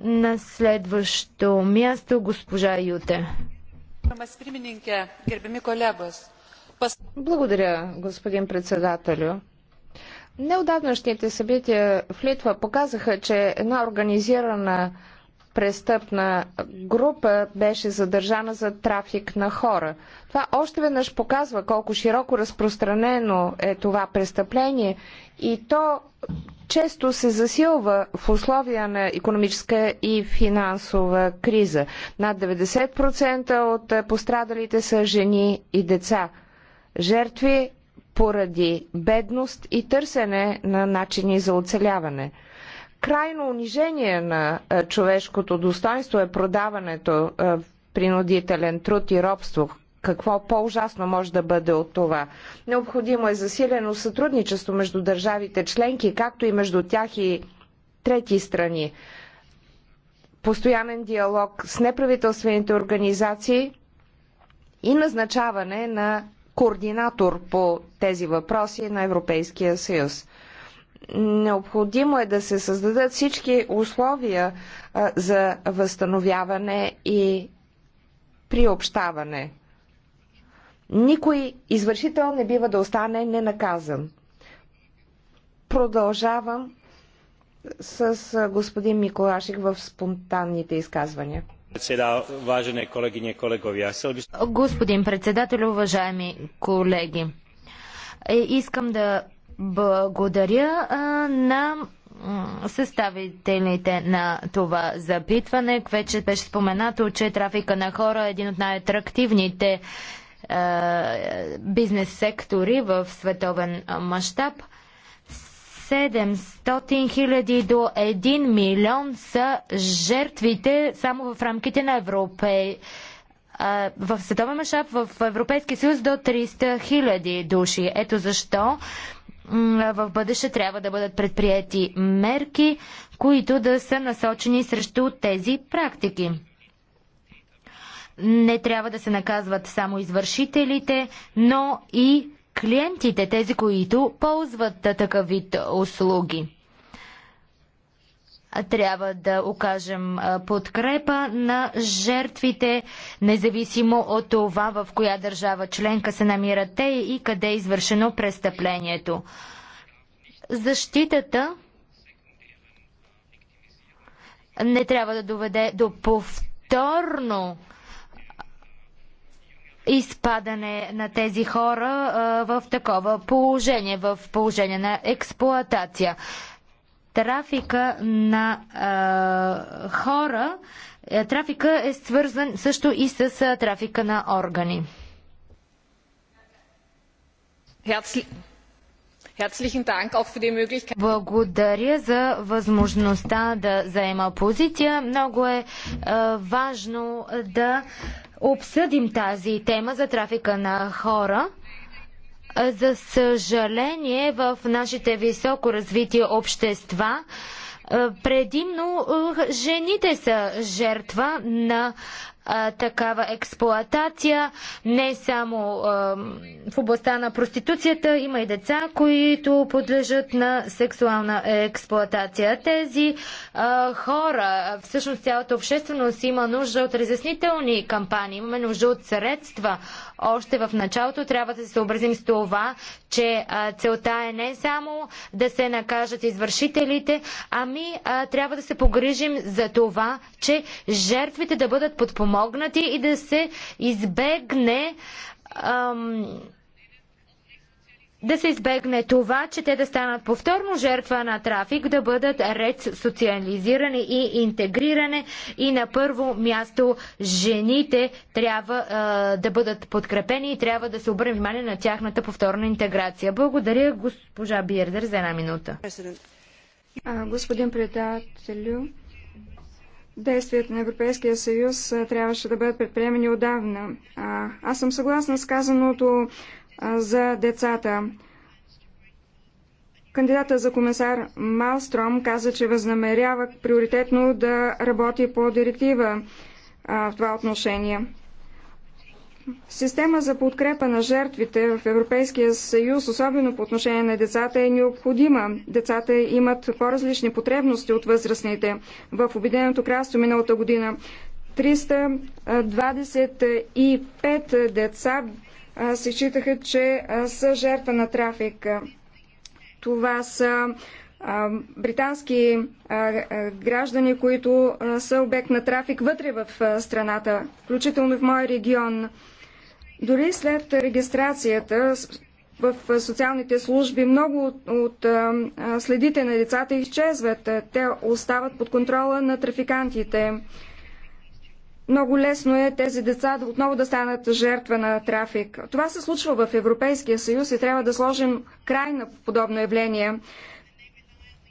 На следващо място госпожа Юте. Благодаря, господин председателю. Неодавнащите събития в Литва показаха, че една организирана престъпна група беше задържана за трафик на хора. Това още веднъж показва колко широко разпространено е това престъпление и то често се засилва в условия на економическа и финансова криза. Над 90% от пострадалите са жени и деца. Жертви поради бедност и търсене на начини за оцеляване. Крайно унижение на е, човешкото достоинство е продаването е, в принудителен труд и робство. Какво по-ужасно може да бъде от това? Необходимо е засилено сътрудничество между държавите членки, както и между тях и трети страни. Постоянен диалог с неправителствените организации и назначаване на координатор по тези въпроси на Европейския съюз. Необходимо е да се създадат всички условия за възстановяване и приобщаване. Никой извършител не бива да остане ненаказан. Продължавам с господин Миколашик в спонтанните изказвания. Господин председател, уважаеми колеги, е, искам да благодаря на съставителите на това запитване. Вече беше споменато, че трафика на хора е един от най-атрактивните е, бизнес сектори в световен мащаб. 700 хиляди до 1 милион са жертвите само в рамките на Европей. В световен мащаб в Европейския съюз до 300 хиляди души. Ето защо в бъдеще трябва да бъдат предприяти мерки, които да са насочени срещу тези практики. Не трябва да се наказват само извършителите, но и клиентите, тези, които ползват такъв вид услуги. Трябва да окажем подкрепа на жертвите, независимо от това в коя държава членка се намират те и къде е извършено престъплението. Защитата не трябва да доведе до повторно изпадане на тези хора а, в такова положение, в положение на експлоатация. Трафика на а, хора, е, трафика е свързан също и с а, трафика на органи. Благодаря за възможността да заема позиция. Много е, е важно да обсъдим тази тема за трафика на хора. За съжаление, в нашите високо развити общества предимно жените са жертва на а, такава експлоатация, не само а, в областта на проституцията, има и деца, които подлежат на сексуална експлоатация. Тези а, хора, всъщност цялата общественост има нужда от разяснителни кампании, имаме нужда от средства, още в началото. Трябва да се съобразим с това, че а, целта е не само да се накажат извършителите, ами а, трябва да се погрижим за това, че жертвите да бъдат подпомогнати и да се избегне ам, да се избегне това, че те да станат повторно жертва на трафик, да бъдат ред социализирани и интегриране. И на първо място жените трябва а, да бъдат подкрепени и трябва да се обърне внимание на тяхната повторна интеграция. Благодаря госпожа Биердер за една минута. А, господин председателю, действията на Европейския съюз трябваше да бъдат предприемени отдавна. А, аз съм съгласна с казаното за децата. Кандидата за комисар Малстром каза, че възнамерява приоритетно да работи по директива а, в това отношение. Система за подкрепа на жертвите в Европейския съюз, особено по отношение на децата, е необходима. Децата имат по-различни потребности от възрастните. В Обединеното кралство миналата година 325 деца се считаха, че са жертва на трафик. Това са британски граждани, които са обект на трафик вътре в страната, включително в моя регион. Дори след регистрацията в социалните служби много от, от следите на децата изчезват. Те остават под контрола на трафикантите много лесно е тези деца да отново да станат жертва на трафик. Това се случва в Европейския съюз и трябва да сложим край на подобно явление.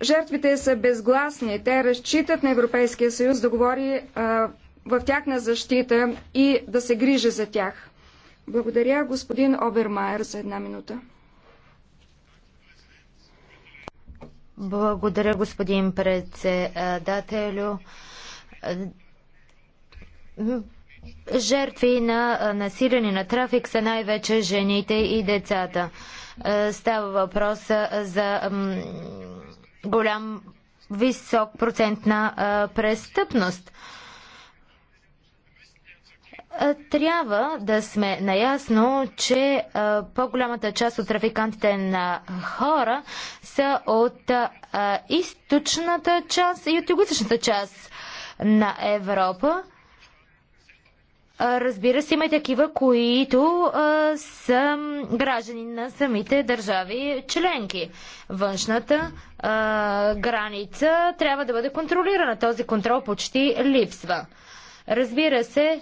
Жертвите са безгласни, те разчитат на Европейския съюз да говори а, в тяхна защита и да се грижи за тях. Благодаря господин Обермайер за една минута. Благодаря господин председателю. Жертви на насилие на трафик са най-вече жените и децата. Става въпрос за голям висок процент на престъпност. Трябва да сме наясно, че по-голямата част от трафикантите на хора са от източната част и от югоизточната част на Европа. Разбира се, има и такива, които а, са граждани на самите държави членки. Външната а, граница трябва да бъде контролирана. Този контрол почти липсва. Разбира се,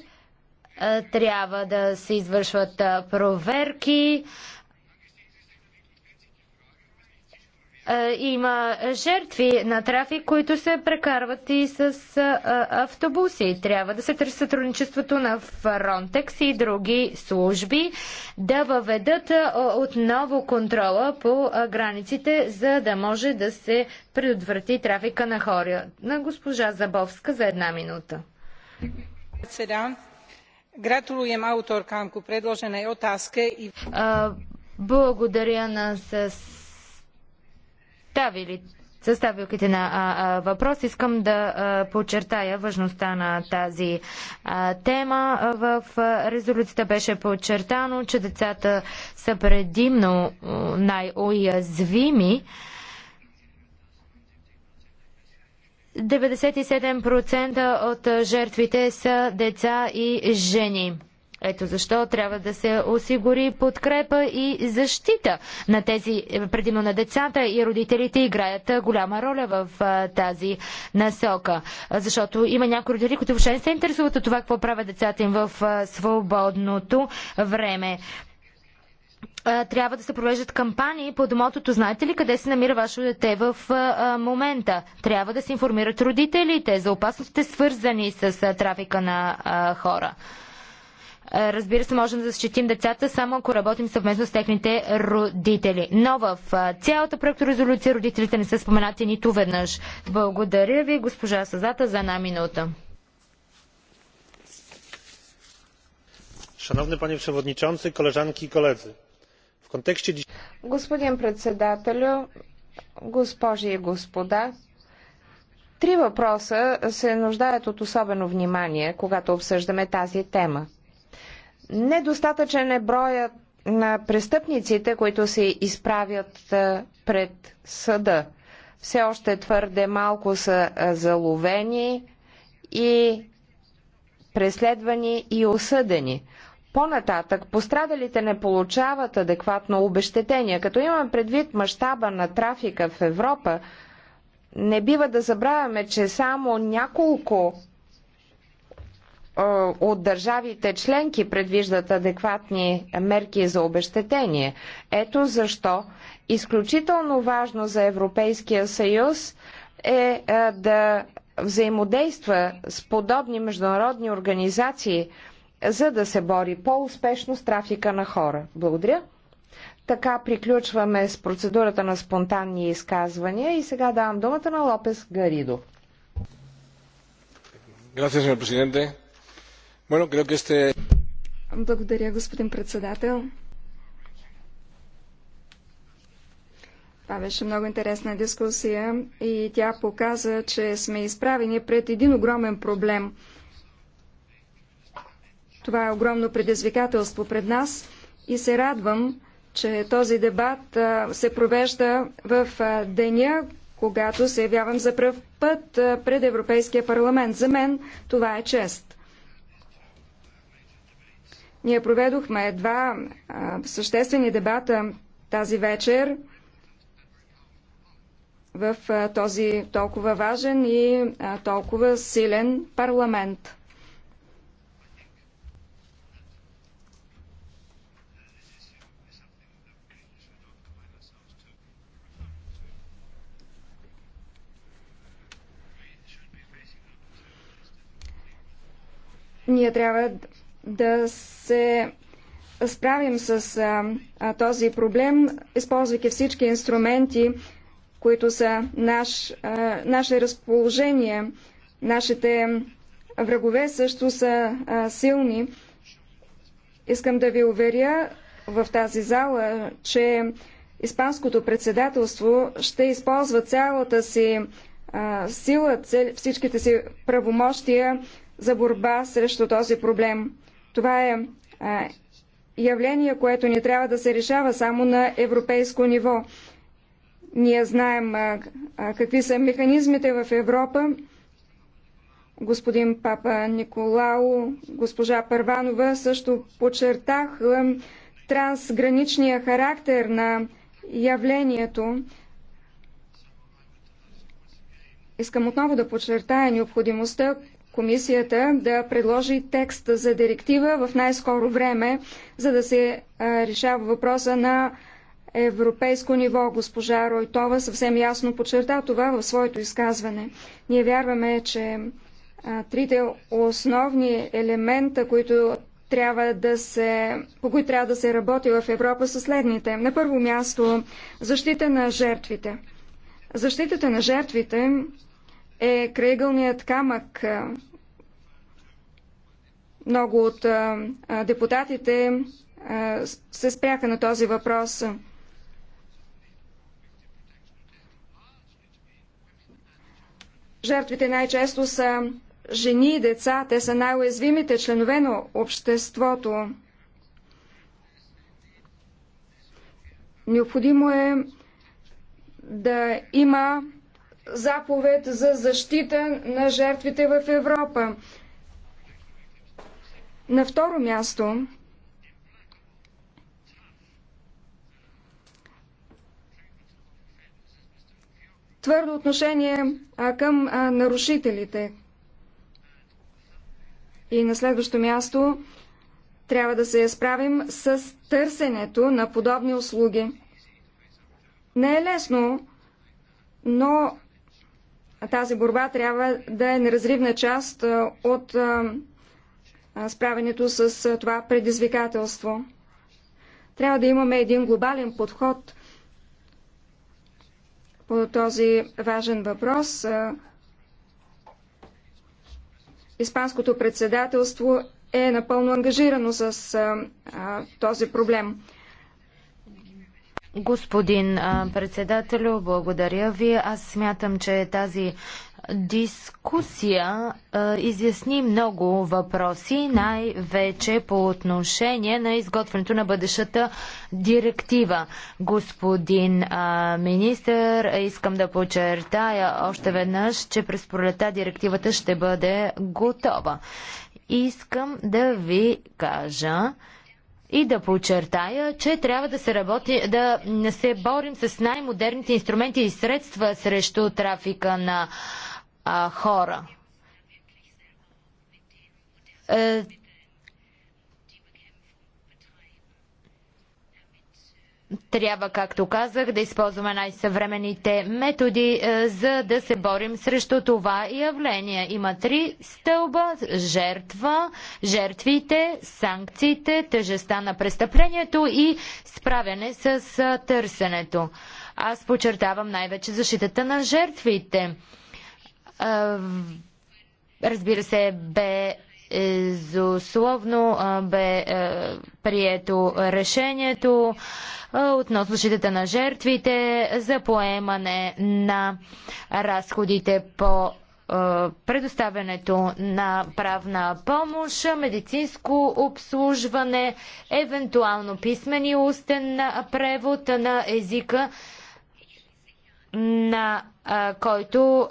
а, трябва да се извършват проверки Е, има жертви на трафик, които се прекарват и с е, автобуси. Трябва да се търси сътрудничеството на Фронтекс и други служби да въведат е, отново контрола по границите, за да може да се предотврати трафика на хора. На госпожа Забовска за една минута. Gratulujem autorkám ku predloženej otázke. Благодаря на с представили съставилките на а, а, въпрос. Искам да а, подчертая важността на тази а, тема. В а, резолюцията беше подчертано, че децата са предимно най-уязвими. 97% от жертвите са деца и жени. Ето защо трябва да се осигури подкрепа и защита на тези, предимно на децата и родителите играят голяма роля в тази насока. Защото има някои родители, които въобще не се интересуват от това какво правят децата им в свободното време. трябва да се провеждат кампании под мотото «Знаете ли къде се намира вашето дете в момента?» Трябва да се информират родителите за опасностите свързани с трафика на хора. Е, разбира се, можем да защитим децата само ако работим съвместно с техните родители. Но в е, цялата проекторезолюция родителите не са споменати нито веднъж. Благодаря ви, госпожа Сазата, за една минута. Шановни пани przewodniczący, колежанки и колеги, в контексте... Господин председателю, госпожи и господа, три въпроса се нуждаят от особено внимание, когато обсъждаме тази тема. Недостатъчен е броят на престъпниците, които се изправят пред съда. Все още твърде малко са заловени и преследвани и осъдени. По-нататък пострадалите не получават адекватно обещетение. Като имаме предвид мащаба на трафика в Европа, не бива да забравяме, че само няколко е, от държавите членки предвиждат адекватни мерки за обещетение. Ето защо изключително важно за Европейския съюз е, е да взаимодейства с подобни международни организации, за да се бори по-успешно с трафика на хора. Благодаря. Така приключваме с процедурата на спонтанни изказвания и сега давам думата на Лопес Гаридо. Gracias, señor presidente. Благодаря, господин председател. Това беше много интересна дискусия и тя показа, че сме изправени пред един огромен проблем. Това е огромно предизвикателство пред нас и се радвам, че този дебат се провежда в деня, когато се явявам за пръв път пред Европейския парламент. За мен това е чест. Ние проведохме два съществени дебата тази вечер в този толкова важен и толкова силен парламент. Ние трябва да се справим с а, този проблем, използвайки всички инструменти, които са наш, а, наше разположение. Нашите врагове също са а, силни. Искам да ви уверя в тази зала, че Испанското председателство ще използва цялата си а, сила, цел, всичките си правомощия за борба срещу този проблем. Това е явление, което не трябва да се решава само на европейско ниво. Ние знаем какви са механизмите в Европа. Господин Папа Николао, госпожа Първанова също подчертах трансграничния характер на явлението. Искам отново да подчертая необходимостта комисията да предложи текст за директива в най-скоро време, за да се решава въпроса на европейско ниво. Госпожа Ройтова съвсем ясно подчерта това в своето изказване. Ние вярваме, че трите основни елемента, които трябва да се, по които трябва да се работи в Европа са следните. На първо място защита на жертвите. Защитата на жертвите е крайъгълният камък. Много от депутатите се спряха на този въпрос. Жертвите най-често са жени и деца. Те са най-уязвимите членове на обществото. Необходимо е да има заповед за защита на жертвите в Европа. На второ място, твърдо отношение към нарушителите. И на следващо място, трябва да се справим с търсенето на подобни услуги. Не е лесно, но тази борба трябва да е неразривна част от справянето с това предизвикателство. Трябва да имаме един глобален подход по този важен въпрос. Испанското председателство е напълно ангажирано с този проблем. Господин председателю, благодаря ви. Аз смятам, че тази дискусия а, изясни много въпроси, най-вече по отношение на изготвянето на бъдещата директива. Господин а, министр, искам да подчертая още веднъж, че през пролета директивата ще бъде готова. Искам да ви кажа, и да подчертая, че трябва да се работи, да се борим с най-модерните инструменти и средства срещу трафика на а, хора. Е, трябва, както казах, да използваме най-съвременните методи, е, за да се борим срещу това явление. Има три стълба – жертва, жертвите, санкциите, тежеста на престъплението и справяне с е, търсенето. Аз подчертавам най-вече защитата на жертвите. Е, разбира се, бе безусловно бе е, прието решението относно защитата на жертвите за поемане на разходите по е, предоставянето на правна помощ, медицинско обслужване, евентуално писмен и устен превод на езика, на който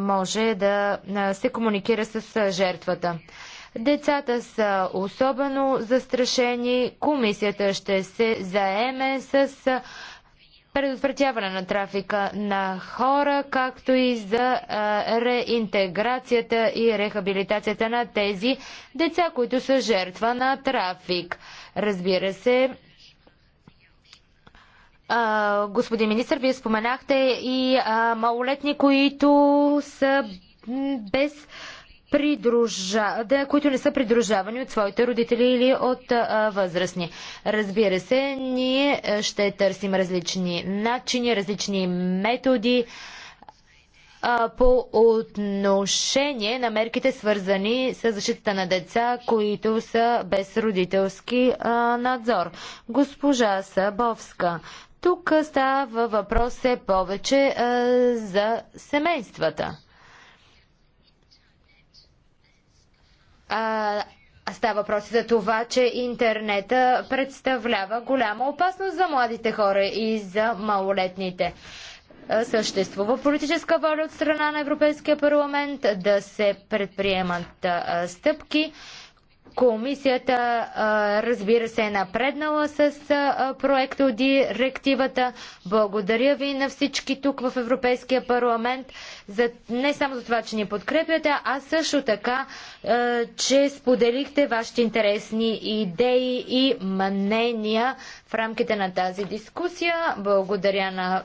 може да се комуникира с жертвата. Децата са особено застрашени. Комисията ще се заеме с предотвратяване на трафика на хора, както и за реинтеграцията и рехабилитацията на тези деца, които са жертва на трафик. Разбира се, господин министр, вие споменахте и малолетни, които са без придружа, да, които не са придружавани от своите родители или от а, възрастни. Разбира се, ние ще търсим различни начини, различни методи а, по отношение на мерките свързани с защитата на деца, които са без родителски а, надзор. Госпожа Сабовска, тук става въпрос е повече а, за семействата. А, става въпрос за това, че интернета представлява голяма опасност за младите хора и за малолетните. Съществува политическа воля от страна на Европейския парламент да се предприемат стъпки. Комисията, разбира се, е напреднала с проекта директивата. Благодаря ви на всички тук в Европейския парламент, за, не само за това, че ни подкрепяте, а също така, че споделихте вашите интересни идеи и мнения в рамките на тази дискусия. Благодаря на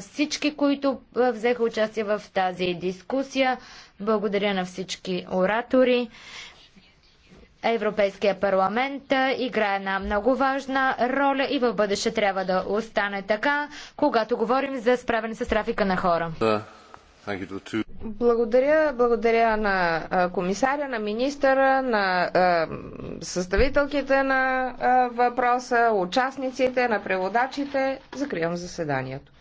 всички, които взеха участие в тази дискусия. Благодаря на всички оратори. Европейския парламент играе една много важна роля и в бъдеще трябва да остане така, когато говорим за справяне с трафика на хора. Uh, благодаря, благодаря на комисаря, на министъра, на съставителките на въпроса, участниците, на преводачите. Закривам заседанието.